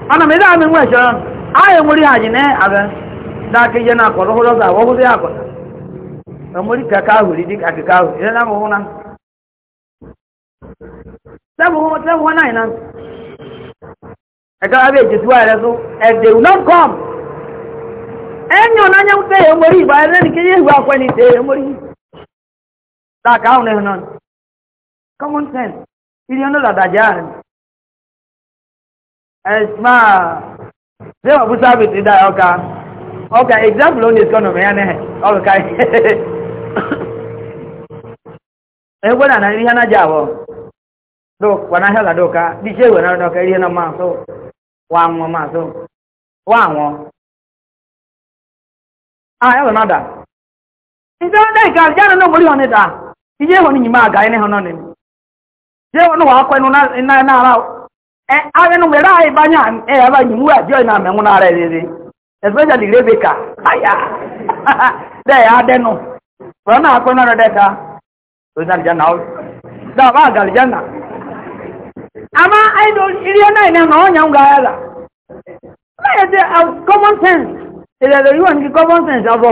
ana me da min wa sharan aye muri haji ne abe da ke ya ka ka huri dik aka ka huri na mu sabu sabu aka abe they na nyamte umar ba ni ke akwani Taka ahụ na-ehu nọ common sense iri ọnụ dadaja ahụ esma ze ọbụ sabit da ọka ọka example onye sikọ nọmụ ya ehe. ọlụka <laughs> egwe na ihe na ji abụọ dụkwa na ahịa doka diche egwe na doka ihe na mmasụ wa anwụọ mmasụ wa anwụọ ah ya bụ nọda ndị ọdọ ike aljanna n'ogbori ọnịda ije honi nyima aga ene hono ne je wono wa kwenu na na na ra e ave no mera ai banya e aba nyimu a join na me nguna ara rere especially aya de ya de no wa na kwenu na de ka um, to na janna o da ba ama ai do iriyo na ina no nya ya la na ye de common sense common sense abo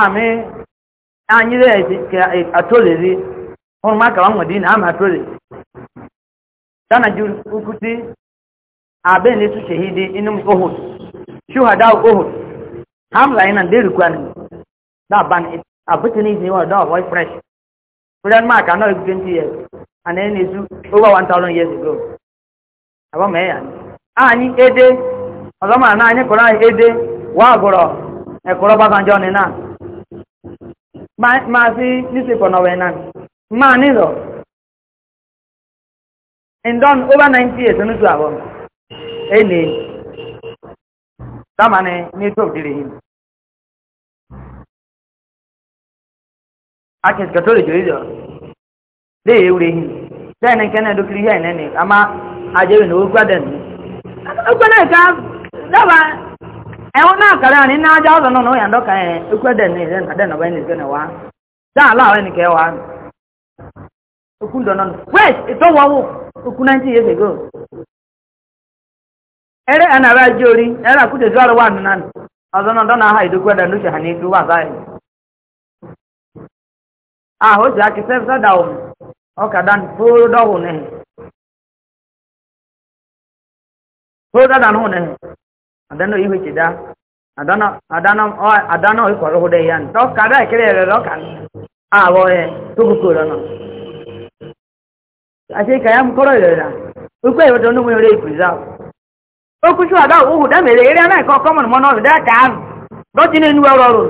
ami anyi dɛ e, atolezi hɔn ma kaba ŋmɛ diin ama atole dana ju ukuti abe ne su shahidi inum ohud shuhada ohud hamza ina deri kwani da ban abuti ni ni wa da boy fresh kudan ma ka no 20 years and na is over 1000 years ago aba me ya ani ede ọzọ na anyị kọrọ anyị ede wa agụrọ ekọrọ basanjọ ni na máa sí newspaper náà wẹ̀ náà máa nílò ndọ́n over ninety years Ene. àbọ̀ ẹnì dáàmà ni ní tó òdìrí yìí. akin katoli jori jọ de ye wure hin sẹyìn ní kẹne do kiri hẹ nẹni àmà àjẹwìn ní o gbàdẹ nù. o gbàdẹ ká ẹ̀wọ̀n náà kàrẹ́ àní na ajá ọ̀sán náà yàn dọ́kà ẹ̀ ekú ẹ̀dẹ̀ ní ìrẹ́ nàdẹ́ nàbẹ́ ní ìgbẹ́ wá dá aláwọ̀ ẹni kẹ́ wá okú dọ̀nà wait ìtọ́ wọ́n wò 19 years ago ẹ̀ ajé orí àkútẹ̀ sí ọ̀rọ̀ wà ọ̀sán náà dọ́nà aha ìdókú ẹ̀dẹ̀ ló ṣe ní adana ihu chida adana adana o adana o koro hode yan to kada kire re ro kan a wo e tu ku ro no ase kaya mu koro re ra u ko yo donu mu re kuza o ku shu ada o hu da mere ere na ko common mo no da ka do tin enu ro ro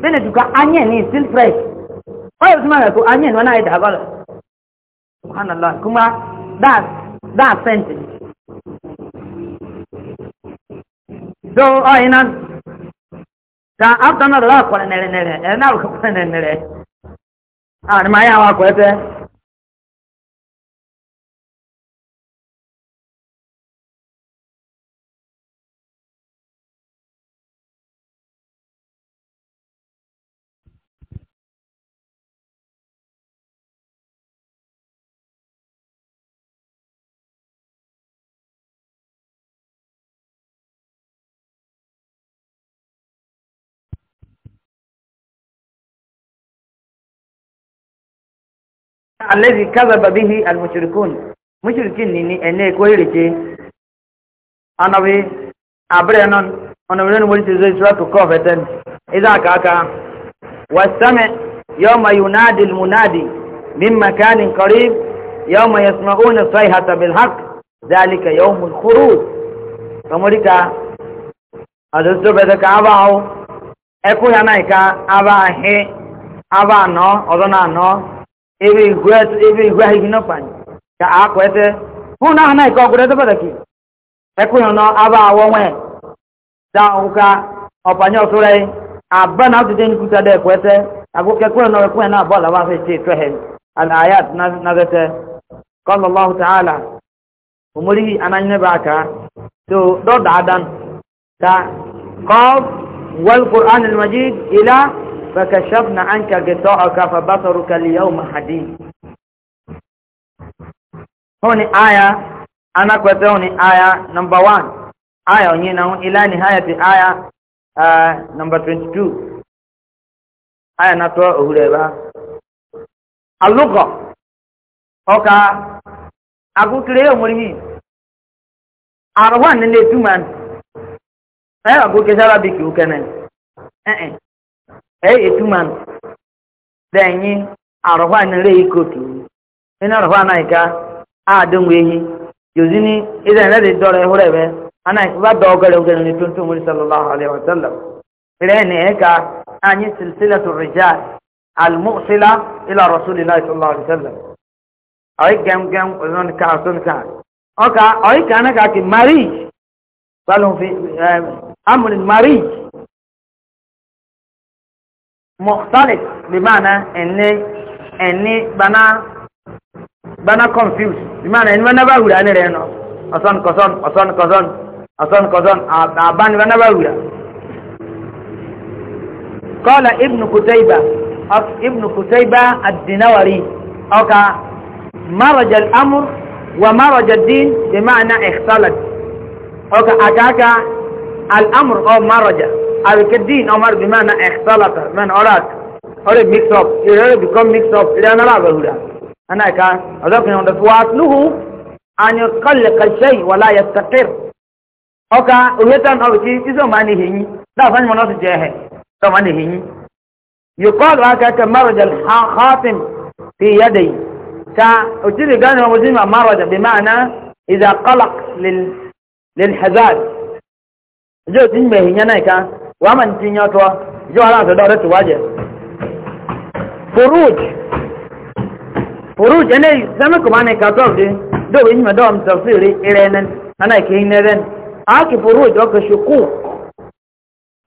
bene duka anye ni still fresh o yo tuma ko anye no na ida ba subhanallah kuma so ọ̀yìnà ta after náà lọ́wọ́ akọ̀rẹ́ nẹ̀rẹ̀ nẹ̀rẹ̀ ẹ̀ náà kọ̀rẹ́ nẹ̀rẹ̀ nẹ̀rẹ̀ àrùn máa yà alẹ́bí kábàbà bí i almushrikun mushrikun ni ni ẹ̀nẹ́ ẹ̀kọ́ ìrèké ọ̀nàwé àbúrẹ̀ náà ọ̀nàwé lónìí mo ti zọ ìṣúra tó kọ́ ọ̀fẹ́ tẹ́n ìdá àkàkà wàsámẹ̀ yọmọ yunadi munadi min makanin qarib yọmọ ebe igwe ebe igwe ahụ ibi ka a kọ ete hụ na ahụ na ọgwụrụ ete nọ aba awọ nwe da ọpanye ọtụrụ anyị aba na atụte nkwuta da ekwe ete agụkọ ekwughị nọ ekwughị na abụọ laba afọ eche etu ehe ala kọlọ omori aka dọda adan ka majid ila Barkashef na an kaggata a kafa baton rukali ya umu haɗi. ni aya, ana kweta huni aya, numba wan. Aya onye na hun ila ni aya a numba 22. Aya natura a wurare ba. Al-Lukho. Hau ka, agukere ya umurimi. A wan nile Duman. A ɛyɛ etuma no dɛ nyi arɔhɔ a nare yi kotu ɛna arɔhɔ a naika a dongo ehi yozi ni ɛdɛ ɛdɛ de dɔrɔ ɛhorɛ bɛ ana ba dɔɔ gɛrɛ o gɛrɛ ni tuntun wuli sallallahu alaihi wa sallam ɛrɛ ni ɛka anyi silsila tu rijal almuqsila ila rasulillahi sallallahu alaihi wa sallam ɔyɛ gɛm gɛm ɔyɛ ni kaa mukhtalif bimana ẹni ẹni bana bana confused bimana ẹni bana bá wura ni rẹ nọ ọsán kọsán ọsán kọsán ọsán kọsán àbáni bana bá wura. kọ́lá ibnu kutaiba ibnu kutaiba adinawari ọkà maraja amur wa maraja din bimana ikhtalif ọkà àkàkà al'amur ọ maraja. أو كدين عمر بمعنى اختلط من أراد أريد ميكس أب يريد بيكون ميكس أب إذا أنا لا بقوله أنا كان أذاك يوم ده وأصله أن يقلق الشيء ولا يستقر أوكا ويتان أو شيء إذا ما نهيني لا فان مناس جاه إذا ما نهيني يقال هكذا مرج الخاتم في يدي كا أجري كان ومزيم مرج بمعنى إذا قلق لل للحزاز جو تنبه هنا يعني كان wàá mà ti yan tọ́ ìjọba náà sọ̀dọ̀ ọ̀rẹ́ tìwájẹ́ furuj furuj ẹni sẹ́mi kò máa ní kàtọ́ di dóòwì yìí mẹ́dọ́ ọ̀mùtà sí rí irẹ́ ẹni ẹni kì í nẹ́rẹ́ ni àákì furuj ọkọ̀ ṣùkú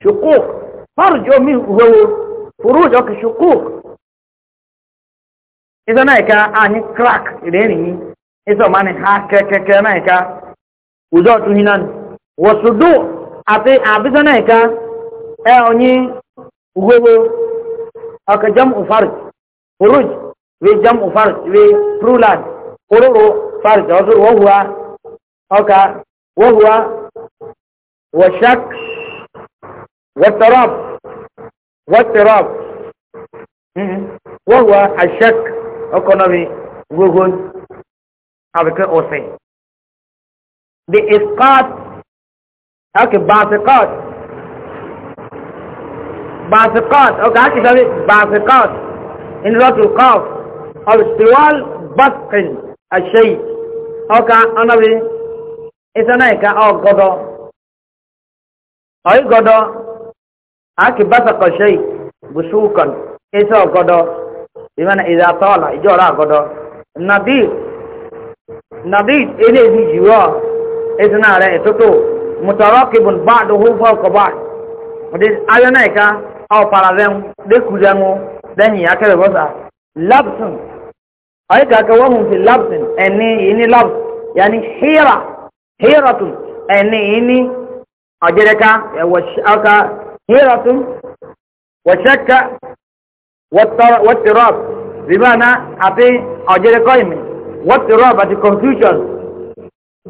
ṣùkú faruj omi ìhòòhò furuj ọkọ̀ ṣùkú ìsọ náà ìka àní crack ìrẹ́rìn yìí ìsọ máa ha kẹ́kẹ́kẹ́ náà ìka òjò ọ̀tún yìí náà wọ̀ṣùdù àti àbísọ náà ẹ onye ugwego aka jam ufarj uruj we jam ufarj we prulad ururu farj wasu wahuwa aka wahuwa washak والتراب والتراب وهو الشك economy google أبكى أوسين the إسقاط أكي بعثقات باثقات أو كعاك شبه باثقات إن ذات القاف أو استوال بثق الشيء أو كأنا بي إسانيك أو قضاء أي قضاء أكي بثق الشيء بسوكا إسا قضاء بمعنى إذا طال إجارة قضاء النبيل نبيل إليه دي جوا إذن على إتوتو متراقب بعضه فوق بعض ودي أيونيكا aw pararen de kujango dan ya ka ba sa labsun ay ka ka wa hum fi labsun ani ini labs yani hira hiratun ani ini ajereka e wa shaka hiratun wa shakka wa tirab bimana ati ajereka imi wa tirab ati confusion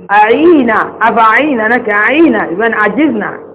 aina afa'ina naka aina ibn ajizna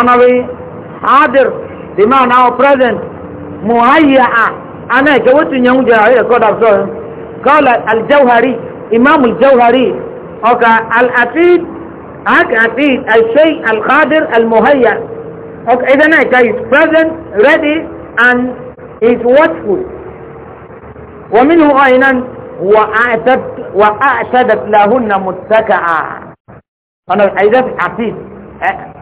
أنوي حاضر بمعنى أو present مهيئة أنا جوت يوم جاهل قد أفضل قال الجوهري إمام الجوهري أوكا الأتيد أك أتيد الشيء القادر المهيئ أوكا إذا نا is present ready and is watchful ومنه أيضا وأعتدت وأعتدت لهن متكئا أنا إذا أتيد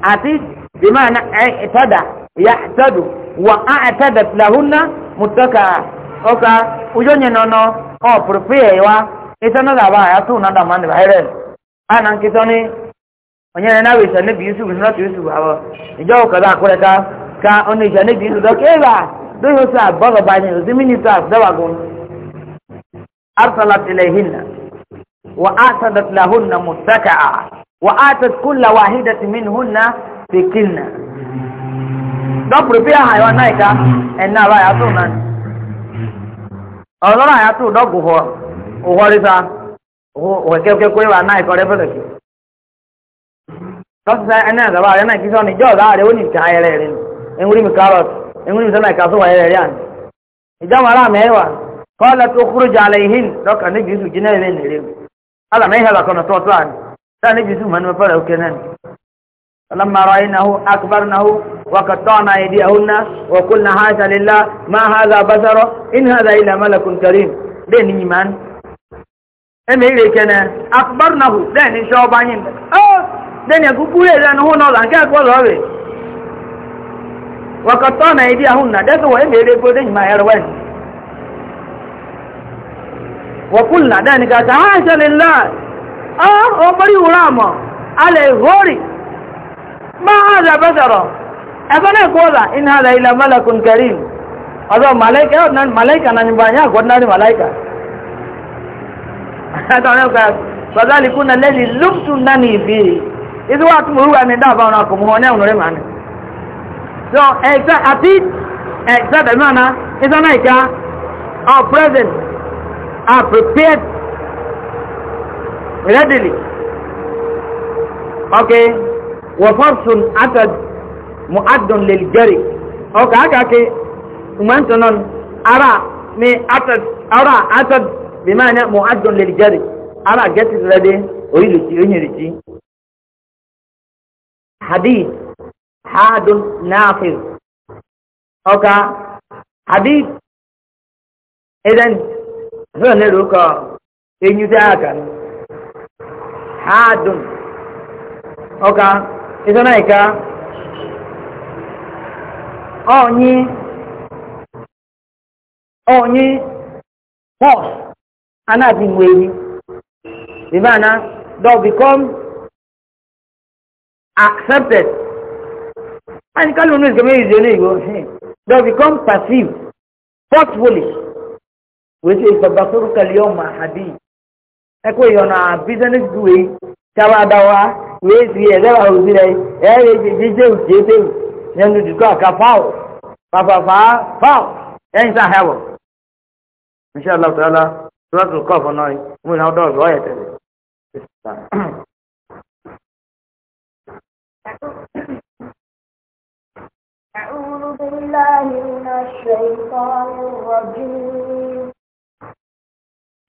أتيد بمعنى اعتدى يعتد وأعتدت لهن متكا أوكا وجوني نونو أو برفيه يوا إسانا دابا ياتو نادا مان بحيرل أنا كتوني onyere na wesa nebi yusuf nuna ti yusuf awo ìjọ òkàdá àkúrẹ ká ká ọ̀nà ìjà nebi yusuf dọ́kì ẹ̀rà lóyún sí àbọ̀rọ̀ bá yẹn òsì mínísítà àfẹ́wàgùn arsalatile hinna wa atadat lahunna mutaka'a wa atat kulla wahidatin minhunna sikina don prepare hayo naika ẹna ara ya tó nani ọlọ́rọ̀ ya tó dọ́gù họ òhọrìta òhẹ̀kẹ́kẹ́ pé wà náà ikọ̀ rẹ fẹ́lẹ̀ kí lọ́sí sáyẹn ẹni àgbà rẹ náà kí sọ́ni ìjọ ọ̀dá rẹ ó ní ìka ayẹrẹ rẹ ewúrẹ́ mi kárọ̀t ewúrẹ́ mi sọ́nà ìka sọ́wọ́ ayẹrẹ rẹ àná ìjọba ara mẹ́wàá kọ́lẹ̀ tó kúrò jà lẹ̀ ihin lọ́kàn níbi ìsù jìnnà ìrẹ́ nìrẹ́ alàmẹ́hẹ́ làkọ̀nà tó ọ̀tọ́ àná sáà níbi ìsù mọ́ni mẹ́fẹ́rẹ́ òkè náà فلما رأيناه أكبرنه وقطعنا أيديهن وقلنا حاشا لله ما هذا بشر إن هذا إلا ملك كريم بين إيمان أمي لكنا أكبرنه دين شعبانين أه دين يقول لأن هو نوضا كيف وضعه وقطعنا أيديهن ده هو أمي لكو دين ما يروين وقلنا دين كاتا حاشا لله أه وبري وراما عليه غوري ما هذا بشرا أفنى قولا إن هذا إلا ملك كريم هذا ملائكة ملائكة نجبانيا قلنا ملائكة فذلكنا الذي لبتنني فيه إذ وقت مروع من دابا وناكم هو نعم نرمان so exact atit exact mana is anaika are present are prepared readily okay وفرس أتد مؤد للجري أو كأكاكي ومانتنون أرى مي أتد أرى أتد بمعنى مؤد للجري أرى جت الذي ويلتي ويلتي حديث حاد نافذ أو حديث إذن هو نلوكا إن يدعك حاد أو ịzụ na ịka onye onye pọs anaghị nwe ehi bimana dọ become accepted anyị kalụ n'ụzọ kemgbe izu onye igbo dọ become passive forcefully wee sị ịsọ basoro kalịọ ma hadid ẹkọ na business way sábàdáwa wéé sí ẹ̀dẹ́wà òsìlẹ̀ ẹ̀rẹ́ أعوذ بالله من الشيطان الرجيم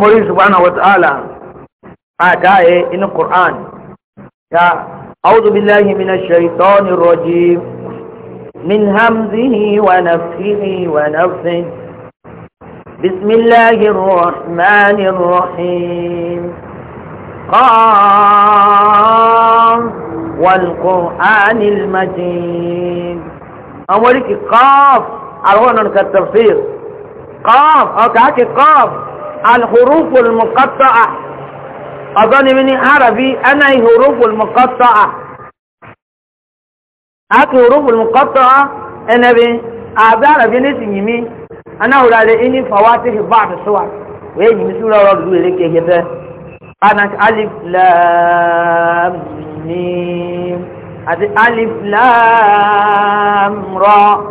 ọmọrí subhanahu wa ta'ala àdáyé inú quran ya awudu bilahi mina shaitani rojim min hamzihi wa nafihi wa nafi bisimilahi rahmani rahim qam والقرآن المجيد أولك قاف أرونا كالتفسير قاف أو كعك قاف الحروف المقطعة أظن مني عربي أنا الحروف المقطعة أك حروف المقطعة أنا بي أبي عربي نسي مي أنا أولا لإني فواتح بعض الصور وين مسورة رجل لك كده أنا ألف لام ميم ألف لام را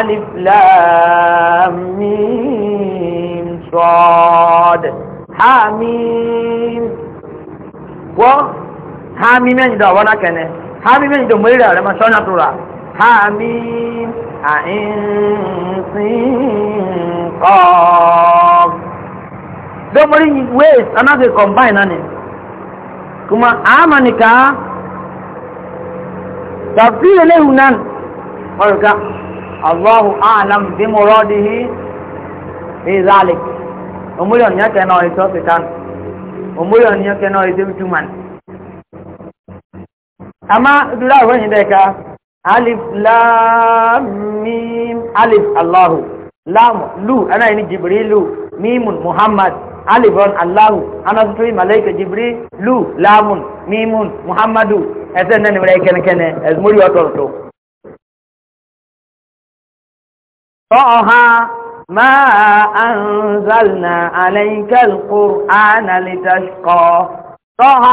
ألف لام ميم صاد حاميم و حاميم يعني ده وانا كنه حاميم يعني ده مريرة لما شونا تورا حاميم عين قاف ده مري ويس انا في كومباين انا كما امانيكا تفسير له نان الله اعلم بمراده في ذلك omuli on yake na oito sitan omuli on yake na oito mtuman ama dula wenye deka alif lam mim alif allah lam lu ana ni Lu, mimun muhammad alif on allah ana sutri malaika jibril lu lamun mimun muhammadu esen nani wala kene kene ezmuri watoto to ما أنزلنا عليك القرآن لتشقى طه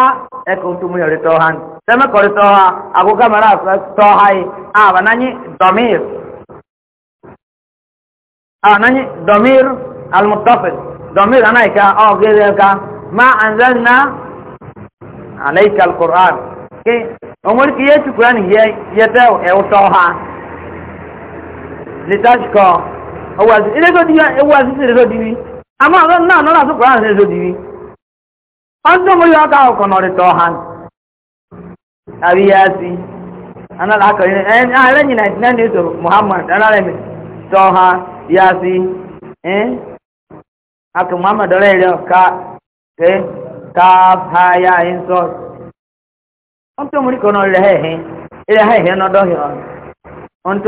أكون تمي رتوهان تما كرتوها أبو كمرا طهاي آه بناني ضمير آه ناني ضمير المتصل ضمير أنا كا أو غير كا ما أنزلنا عليك القرآن كي أمور كي يشكران هي يتو أو طه لتشقى ọwọ́ àti sí ìrẹsọ́ dìbí àmọ́ àwọn náà nọ́nà tó kọ̀ọ̀rọ̀ àti dìbí wọ́n tó mú yọ ọkà ọkọ̀ nọ̀rì tọ̀ ha àbí yá sí anára akọ̀rin ẹni ààrẹ yìí náà ní ètò ha e, muhammad ọ̀rẹ́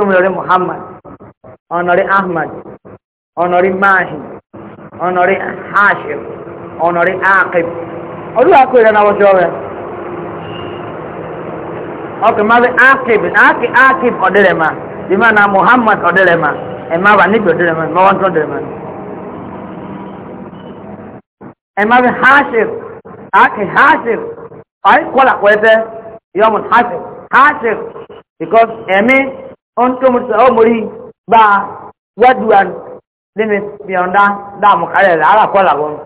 ọ̀rẹ́ ọnọrị ahmad ọnọrị mahi ọnọrị hashim ọnọrị akib ọdún akọ ìrẹ́ náà wọ́jọ́ rẹ̀ ọkọ̀ máa bí akib akib akib ọ̀dẹ́rẹ̀mà na muhammad ọ̀dẹ́rẹ̀mà ẹ̀ máa bà níbi ọ̀dẹ́rẹ̀mà máa wọ́n tó ọ̀dẹ́rẹ̀mà ẹ̀ máa hashim akib hashim ọ̀yìn kọ́là pẹ́ẹ́tẹ́ yọmọ hashim hashim because ẹ̀mí tó ba waduan dini bionda da mukarere ala kwa lagon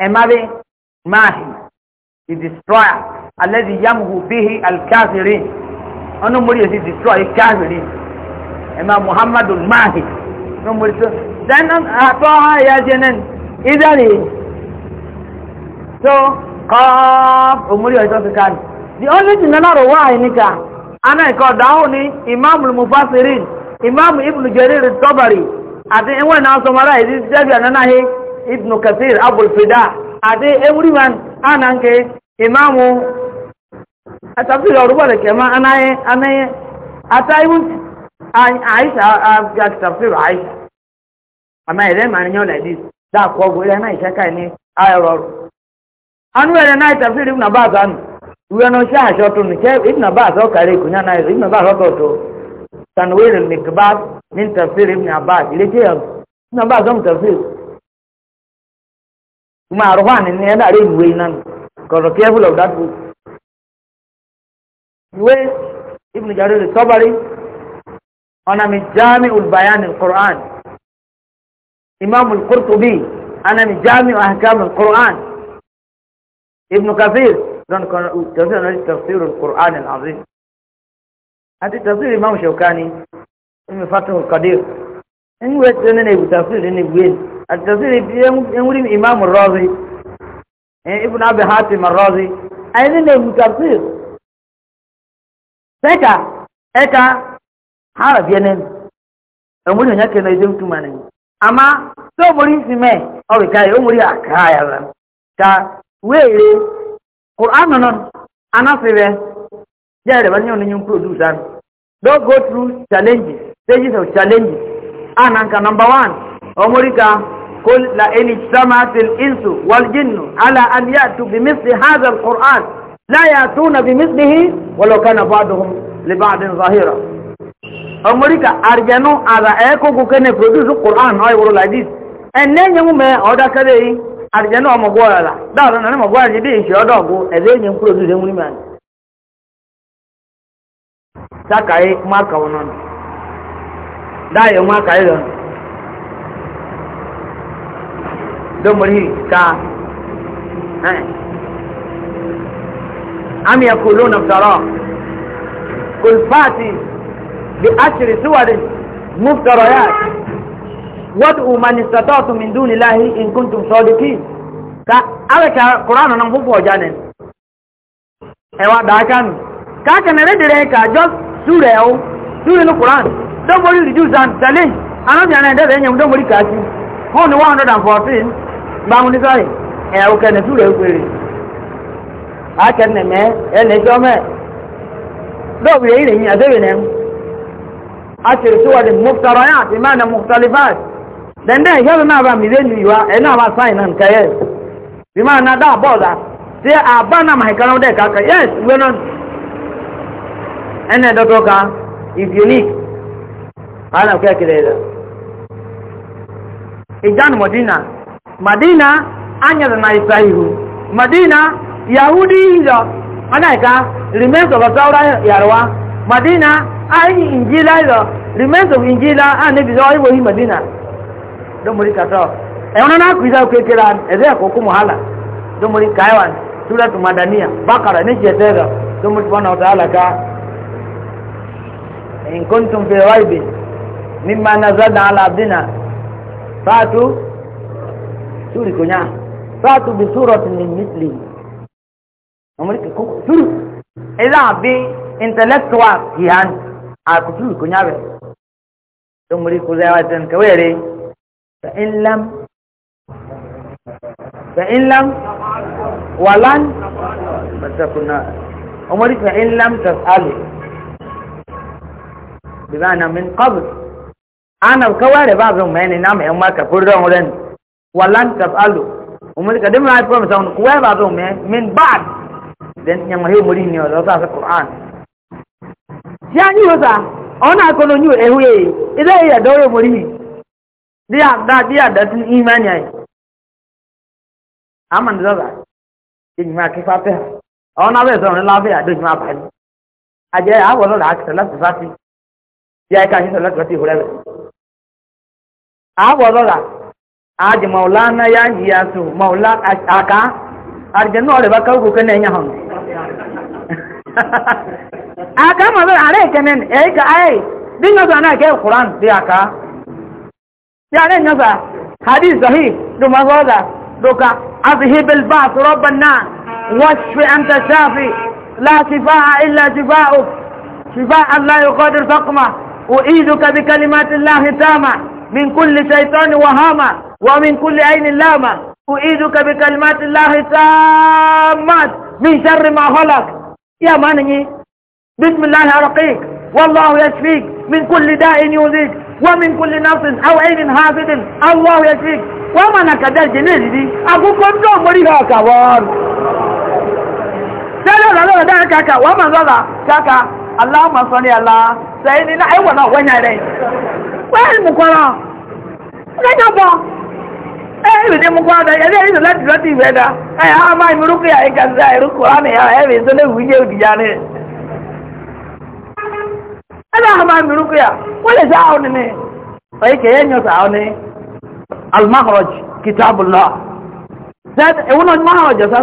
emabe mahi the destroyer alladhi yamhu bihi alkafirin ono muri yasi destroy kafirin ema muhammadun mahi no muri so then on atoha ya jenen idani so qaf umuri yasi kan the only thing na ro wa inika ana ko dawo ni imamul mufassirin imam ibn jarir tabari àti ẹwọn náà sọ mara ìdí na ànánáhe ibn kathir abulfida àti everyman ananke imamu àtàbílẹ̀ ọ̀rúbọ̀ lè kẹ́mà anáyé anáyé àtàwọn àìsà àgbàtàbílẹ̀ àìsà àmà ẹ̀rẹ́ màá yàn lẹ́dí dáàkọ́ ọgbọ̀ ilẹ̀ náà ìṣẹ́ká ní na anú ẹ̀rẹ́ náà ìtàbílẹ̀ ibùnà bá تنوير المكبات من تفسير ابن عباس اللي كده ابن عباس هم تفسير وما عرفان ان هذا عليه وينان قال careful of that book يوي ابن جرير الصبري انا من جامع البيان القران امام القرطبي انا من جامع احكام القران ابن كثير تفسير القران العظيم àti tafsir imam shaukani imi fatihul qadir in we tsene ne bu tafsir ne bu yin àti tafsir in wurin imam razi ibn abi hatim razi ayi ne bu tafsir seka eka hara biene omuri onya ke na ide mtuma ne ama so muri sime o bi kai omuri akaya ka we qur'an non anasibe There the one you produce and don't go through challenges, stages of challenges. Ananka number one, Omurika قل لئن اجتمعت الإنس والجن على أن يأتوا بمثل هذا القرآن لا يأتون بمثله ولو كان بعضهم لبعض ظاهرا أمريكا أرجانو على أيكو كوكين produce القرآن أي ورو like this and then you may order كذي أرجانو أمغوالا لا لا أنا مغوالا جدي إن شاء الله أدو أذين يمكن produce يمكن takaye maka wannan daya maka idan don murhi ka am yakuluna tara kul fati bi ashri suwarin muftarayat wad'u man istata'tum min dunillahi in kuntum sadiqin ka alaka qur'ana nan fufu jane ewa da kan ka kanere dire ka just dúrẹ̀ ó dúrẹ̀ ní koran dọ́gbọ́rí reduce and tẹ̀lé anábìyàn ẹ̀dẹ́rẹ̀ ẹ̀yẹ̀mú dọ́gbọ́rí kàájú wọ́n ní one hundred and fourteen báwọn ní sọ́ọ̀rì ẹ̀yàwó kẹ́ni dúrẹ̀ òkèrè akẹ́nìmẹ́ ẹ̀nẹ́jọ́ mẹ́ dọ́gbìrì ẹ̀yìn ẹ̀yìn àdéhùn ẹ̀ àṣírí tí wọ́n di mọ̀tàrọ̀ yẹn àti mẹ́rin mọ̀tàlífàs dẹ̀ndẹ̀ ìyẹ́rù náà bá mi lé nu ìwà ẹ̀ náà bá sáyìn náà nǹkan yẹ bí máa ná dá àbọ̀ọ̀dà tí àbá náà máa ìkànnà dẹ̀ kàkà yẹ́sì wẹ́nọ́nù ene dodoka is unique ana kwa kilela ijan madina madina anya na isaihu madina yahudi hizo anaika remains of asaura yarwa madina ayi injila hizo remains of injila ane bizo hiyo hii madina do muri kato e ona na kuiza kwekera eze ko kumuhala do muri kaiwan sura madania bakara ni chetega do muri bwana wa ka إن كنتم في ريب مما نزلنا على عبدنا فأتوا سوري كنا فأتوا بسورة من مثله أمريكا سوري إذا بي intellectual kihan a kusur kunya bai don muri ku zai watan kawai fa in lam fa in lam walan fatakuna umar fa in lam tasalu بمعنى من قبل أنا الكوارع بعضهم ما يعني نعم هم كفرهم ولن ولن تفعلوا هم اللي قدموا على فرم سون كوارع بعضهم من بعد then yang mahu muri ni orang sah Quran. Siapa ni orang? Orang aku nunjuk ehu ye. Ini dia doa muri. Dia dah dia dah tin iman ni. Aman doa. Jadi macam apa? Orang apa tu? Orang lapar ada macam apa? Ajar aku orang dah kelas satu ya ka hisa na kati hurebe a wọrọla a ji maula na ya yi ya su maula aka arjanu ọrịba kawo kene enya hàn aka ma bẹ ara ekene ni eyi ka ayi bi nga sa na ke kuran bi aka ya ara nga sa hadith sahi do ma zo da do ka azhi bil ba'th rabbana washfi anta shafi la shifaa illa shifaa'uk shifaa'an la yuqadir أعيدك بكلمات الله تامة من كل شيطان وهامة ومن كل عين لامة أعيدك بكلمات الله تامة من شر ما خلق يا ماني بسم الله أرقيك والله يشفيك من كل داء يؤذيك ومن كل نفس أو عين حاسد الله يشفيك وما نكدر جنيه دي أبو دوم مريها كوان لا لا لا لا كاكا وما لا كاكا Allahumma salli ala sayyidina ai wannan wanya wenya wai mu kwara ranya ba eh bi mu kwara da yare ni lati lati be da ai ha ma mi ruku ya ai kan da ai ruku ana ya ai be sene wuje udi ya ne ala ha ma mi ruku ya wala sa'o ne sai ke yanyo sa'o ne al mahraj kitabullah zad e wono mahraj wa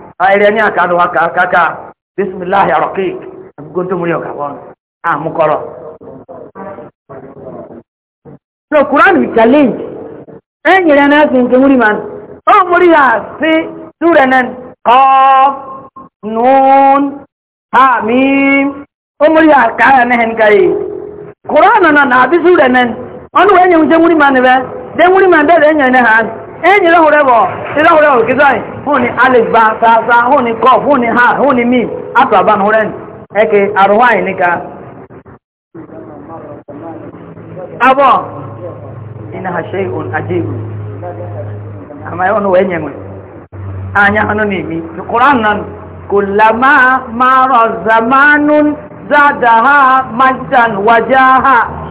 ayẹyẹ ní ka wa kàkàkà bisimilahi arọ́kì àgùgùn wọn àmúkọrọ. so quran is challenge ẹn náà sì ń ké múrí man ó múrí yà sí túrẹ̀ náà kọ́ nùún hàmí ó múrí yà káyà náà hẹn káyè quran náà nàbí túrẹ̀ náà yẹn ń ẹ̀yìn ìrọ̀hùrẹ́wọ̀ ìrọ̀hùrẹ́wọ̀ kìtọ́ yìí hún ni alẹ́gbà hún ni kọf hún ni ha hún ni mi àtàbà nùrẹ́ ni ẹ̀kẹ́ àrùwá yìí níka. abọ́ iná ṣe òun àjẹ́gbù àmà ẹ̀wọ̀n wẹ̀ ẹ̀yẹ̀ wọn anya hanu ni mi ha.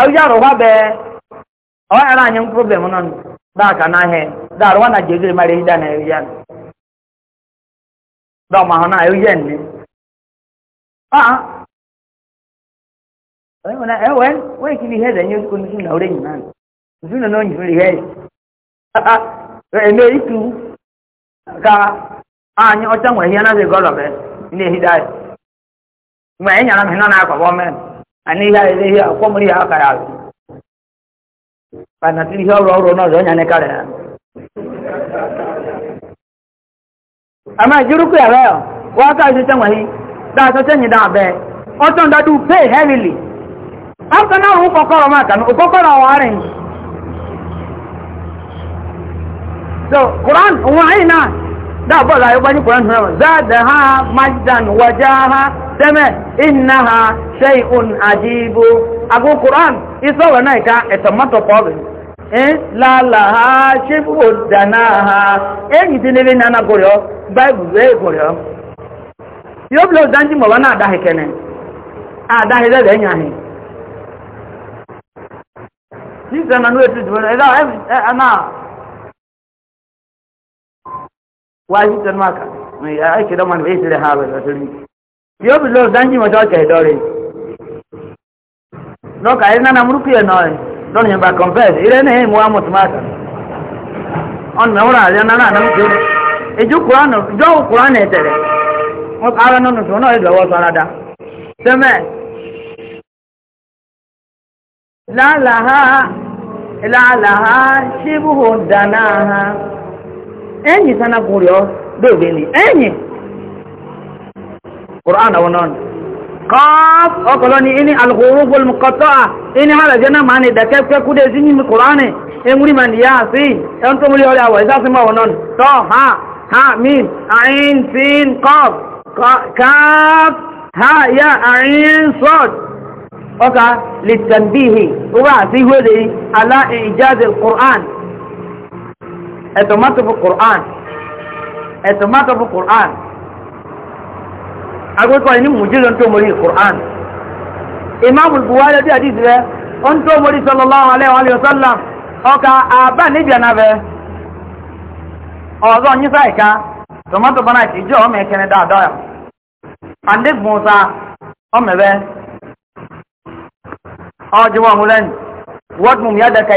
awujarụwa bee ọ yara anyị problem nọ daka n'ahịa darụwa na jeziri mara ehida na ehuja ọma hụ na ehuja nne a ewe wee kiri ihe zenye nkụ nzu na ore nzu na nri ihe eme <laughs> e itu ka anyị ọcha nwe ihe anaghị gọlọbe na ehida ya mgbe anyị nyara m ihe na-akwa gọọmenti ani ya ile ya kwa muri ya kara pana tili ya ro ro no zo nyane kare ama juruku ya leo wa ka ji tan wahi da so chen ni da be o ton da du pay heavily after na ru kokoro ma kan kokoro wa rin so quran wa ina da ba la yo ba ni quran na za da ha majdan wajaha deme innaha shay'un ajibu abu quran iso wa nai ka etamato paul eh la la ha shibu danaha enyi tinele na na gorio bible we gorio yo blo danji mo wa na ada hekene ada hele le nya he ni zana no etu dibona ela eh, ana wa hitan maka ya aiki da man bai sire ha ba da yóò bí lóòótọ́ ń jìmọ̀ sọ́ọ̀kẹ́ ìdọ́rẹ̀ lọ́kà yìí nánà múrúkú yẹn náà lọ́nà yẹn bá confess ìrẹ́ náà yẹn mú wa mọ̀tòmátà ọ̀nà mẹ́wúrà àti nánà ànáwó tó ìjú kùránù ìjọ kùránù ẹ̀tẹ̀rẹ̀ wọn kà ara nínú sùn náà yẹ lọ́wọ́ sọ́nadá sẹ́mẹ̀ lálàá lálàá ṣíbùhùn dáná ẹ̀yìn sanakùn rẹ̀ ọ́ dóògbé ni ẹ̀yìn. Quran àwọn náà kọ́f ọkọ̀lọ́ ni ini alhuruful mukọ́tọ́à ini halaje náà máa ni dẹ̀kẹ́kẹ́ kúdé sí ní Quran enwuri ma ni yáà sí ẹn tó múlé ọrẹ àwọ̀ ìsáfí mọ̀ náà tọ́ ha ha min ayin sin kọ́f kaf ha ya ayin sọ́d ọka litambihi wúwá sí Quran ẹ̀tọ̀mátọ̀ fún Quran ẹ̀tọ̀mátọ̀ akwai kwanin ni mujizan to muri qur'an imam buhari ti hadith be on to muri sallallahu alaihi wa sallam o ka aba ni bi na be ozo nyi sai ka tomato bana ti jo oh, me kene da da ande musa o oh, me be o oh, jiwa hulen wadmum yadaka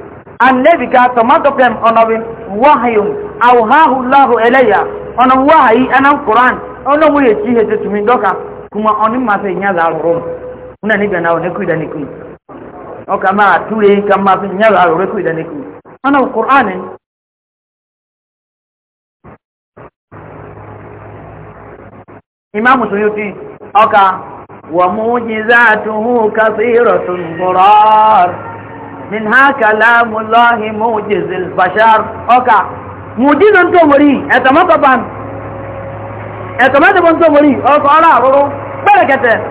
annabi ka tomato pem onobin wahayun awhahu lahu ilayya ona wahayi anan Quran ona mu ye chihe te tumi doka kuma oni ma se nya la rum una ni bana ne kuida ni kun o kama ture kama se nya la rum kuida ni kun ona Quran eh? Imam Suyuti oka wa mujizatuhu kathiratun qurar منها كلام الله موجز البشر أوكا موجز أنتو مري أتما طبعا أتما طبعا أنتو مري أوكا ألا أرورو بركة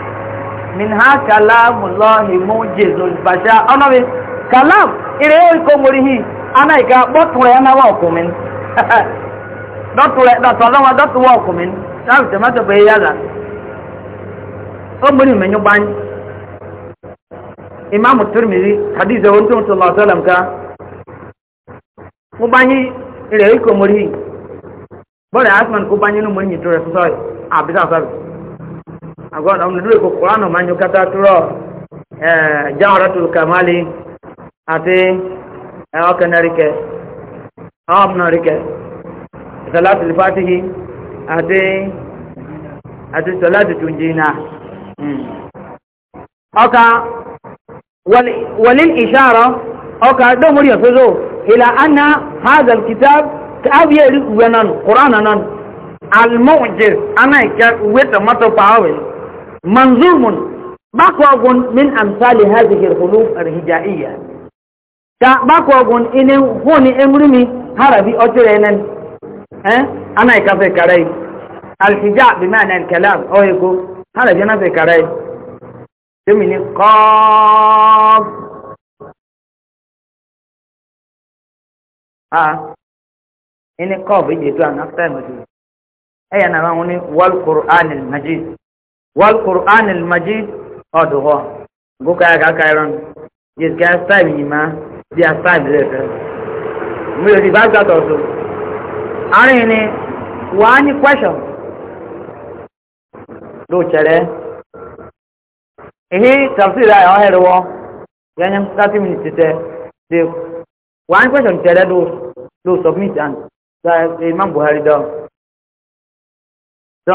منها كلام الله موجز البشر أنا بي كلام إليه يكون مريه أنا إيكا بطولة أنا واقومين dɔtulɛ dɔtɔlɔwɔ dɔtɔwɔ kumin sáà tẹmɛtɛ bɛ yàrá ó múni mɛnyú báyìí imamu turmizi hadiza wọn tó ń sọ lọ́sọ́ lọ́m ká kó bá yín ilẹ̀ ikọ̀ mọ́rí yìí bọ́ọ̀lù asman kó bá yín ní mọ́rí yìí tó rẹ̀ sọ́sọ́ yìí àbísà sọ́bì àgọ́n àwọn olùdúró ikọ̀ kúránù máa ń yọ kátà tóró jáwọ́rọ́ tó kàmáli àti ọkànnárikẹ́ ọmọnárikẹ́ ìsàlátì lifatihi àti àti sọláàtì tó وللإشارة أو كأدوم يفزو إلى أن هذا الكتاب كأبي ونن قرآننا المعجز أنا كويت متفاوي منظوم بقوة من أمثال هذه الخلوف الهجائية بقوة إنه هوني أمرمي هربي أجرين أه؟ أنا كفي كري الحجاء بمعنى الكلام أو يقول هربي أنا في كري tèmi ní kọ́ọ́f a ẹni kọ́ọ̀f ìjẹ̀tọ́ àná after ìmọ̀tò ẹ̀yà náà wọn ní wọ́l kur'an al-majid wọ́l kur'an al-majid ọ̀dọ̀ họ gòkè àkàkà ẹ̀rọ̀n yìí kẹ́ after ìyìnmá bí after fẹ́ àárín ni wàá ní question ló ehi tafsir ayo herwo yanya 30 minutes te de one question tere do do submit and that e, man buhari do so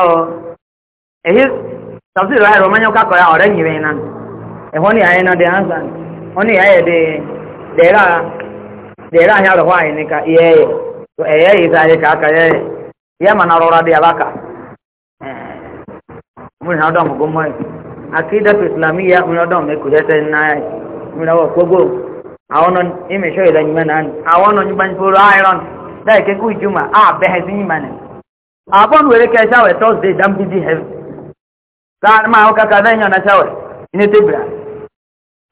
ehi tafsir ayo herwo manyo ka ko ya ore nyiwe nan e honi ayo e, na de answer honi ayo e, de de ra de ra nya ro wa ni ka ye so eye isa ye ka ka ye ye manarora de alaka eh mun ha do mo gomo akidatu islamiyya mun odon me ku hete na mun awo kogo awono ime shoy da nyima nan awono nyiban furu iron da ke ku juma a be he zin mane abon were ke thursday dam bidi he ta ma o ka ka da nyona shawe ni tebra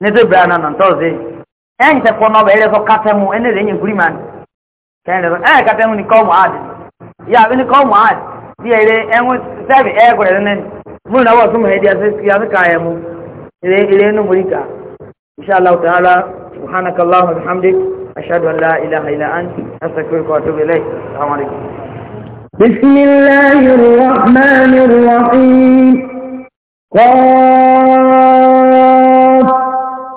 ni tebra na non thursday en se kono be le so katemu ene de nyi guriman kan eh ni ko mu ad ya ni ko mu ad ere enwe mun na wasu mahaifi ya sai ya saka ya mu ile ne murika insha Allah ta'ala subhanakallahu wa bihamdik ashhadu an la ilaha illa anta astaghfiruka wa atubu ilayk assalamu alaikum بسم الله الرحمن الرحيم قاف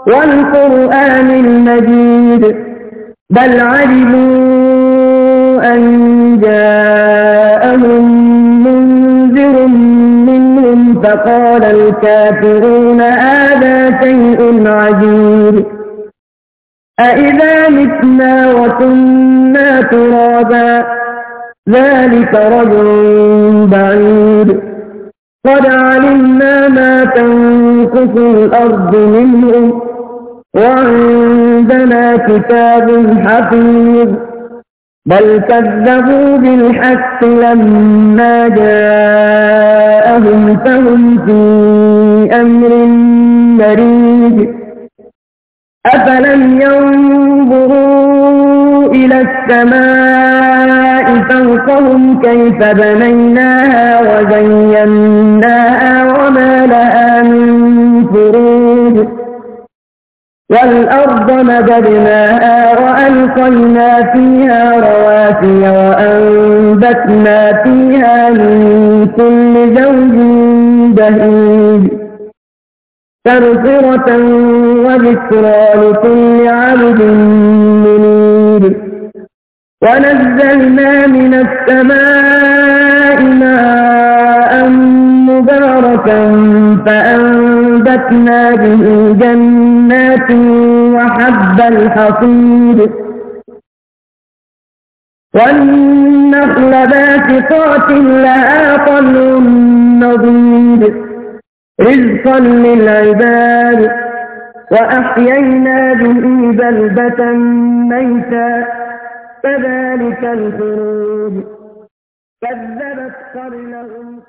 والقرآن المجيد بل عجبوا أن جاءهم فقال الكافرون هذا شيء عجيب أإذا متنا وكنا ترابا ذلك رجل بعيد قد علمنا ما تنقص الأرض منهم وعندنا كتاب حفيظ بل كذبوا بالحق لما جاءوا جاءهم فهم في أمر مريض أفلم ينظروا إلى السماء فوقهم كيف بنيناها وزيناها وما لها من فروض والأرض مددناها وألقينا فيها رواسي وأنبتنا فيها من كل زوج بهيج تبصرة وذكرى لكل عبد منيب ونزلنا من السماء ماء مباركا فأنبتنا به جنات وحب الحصيد والنخل باسقات لها طل نضيد رزقا للعباد وأحيينا به بلدة ميتا كذلك الخروج كذبت قرنهم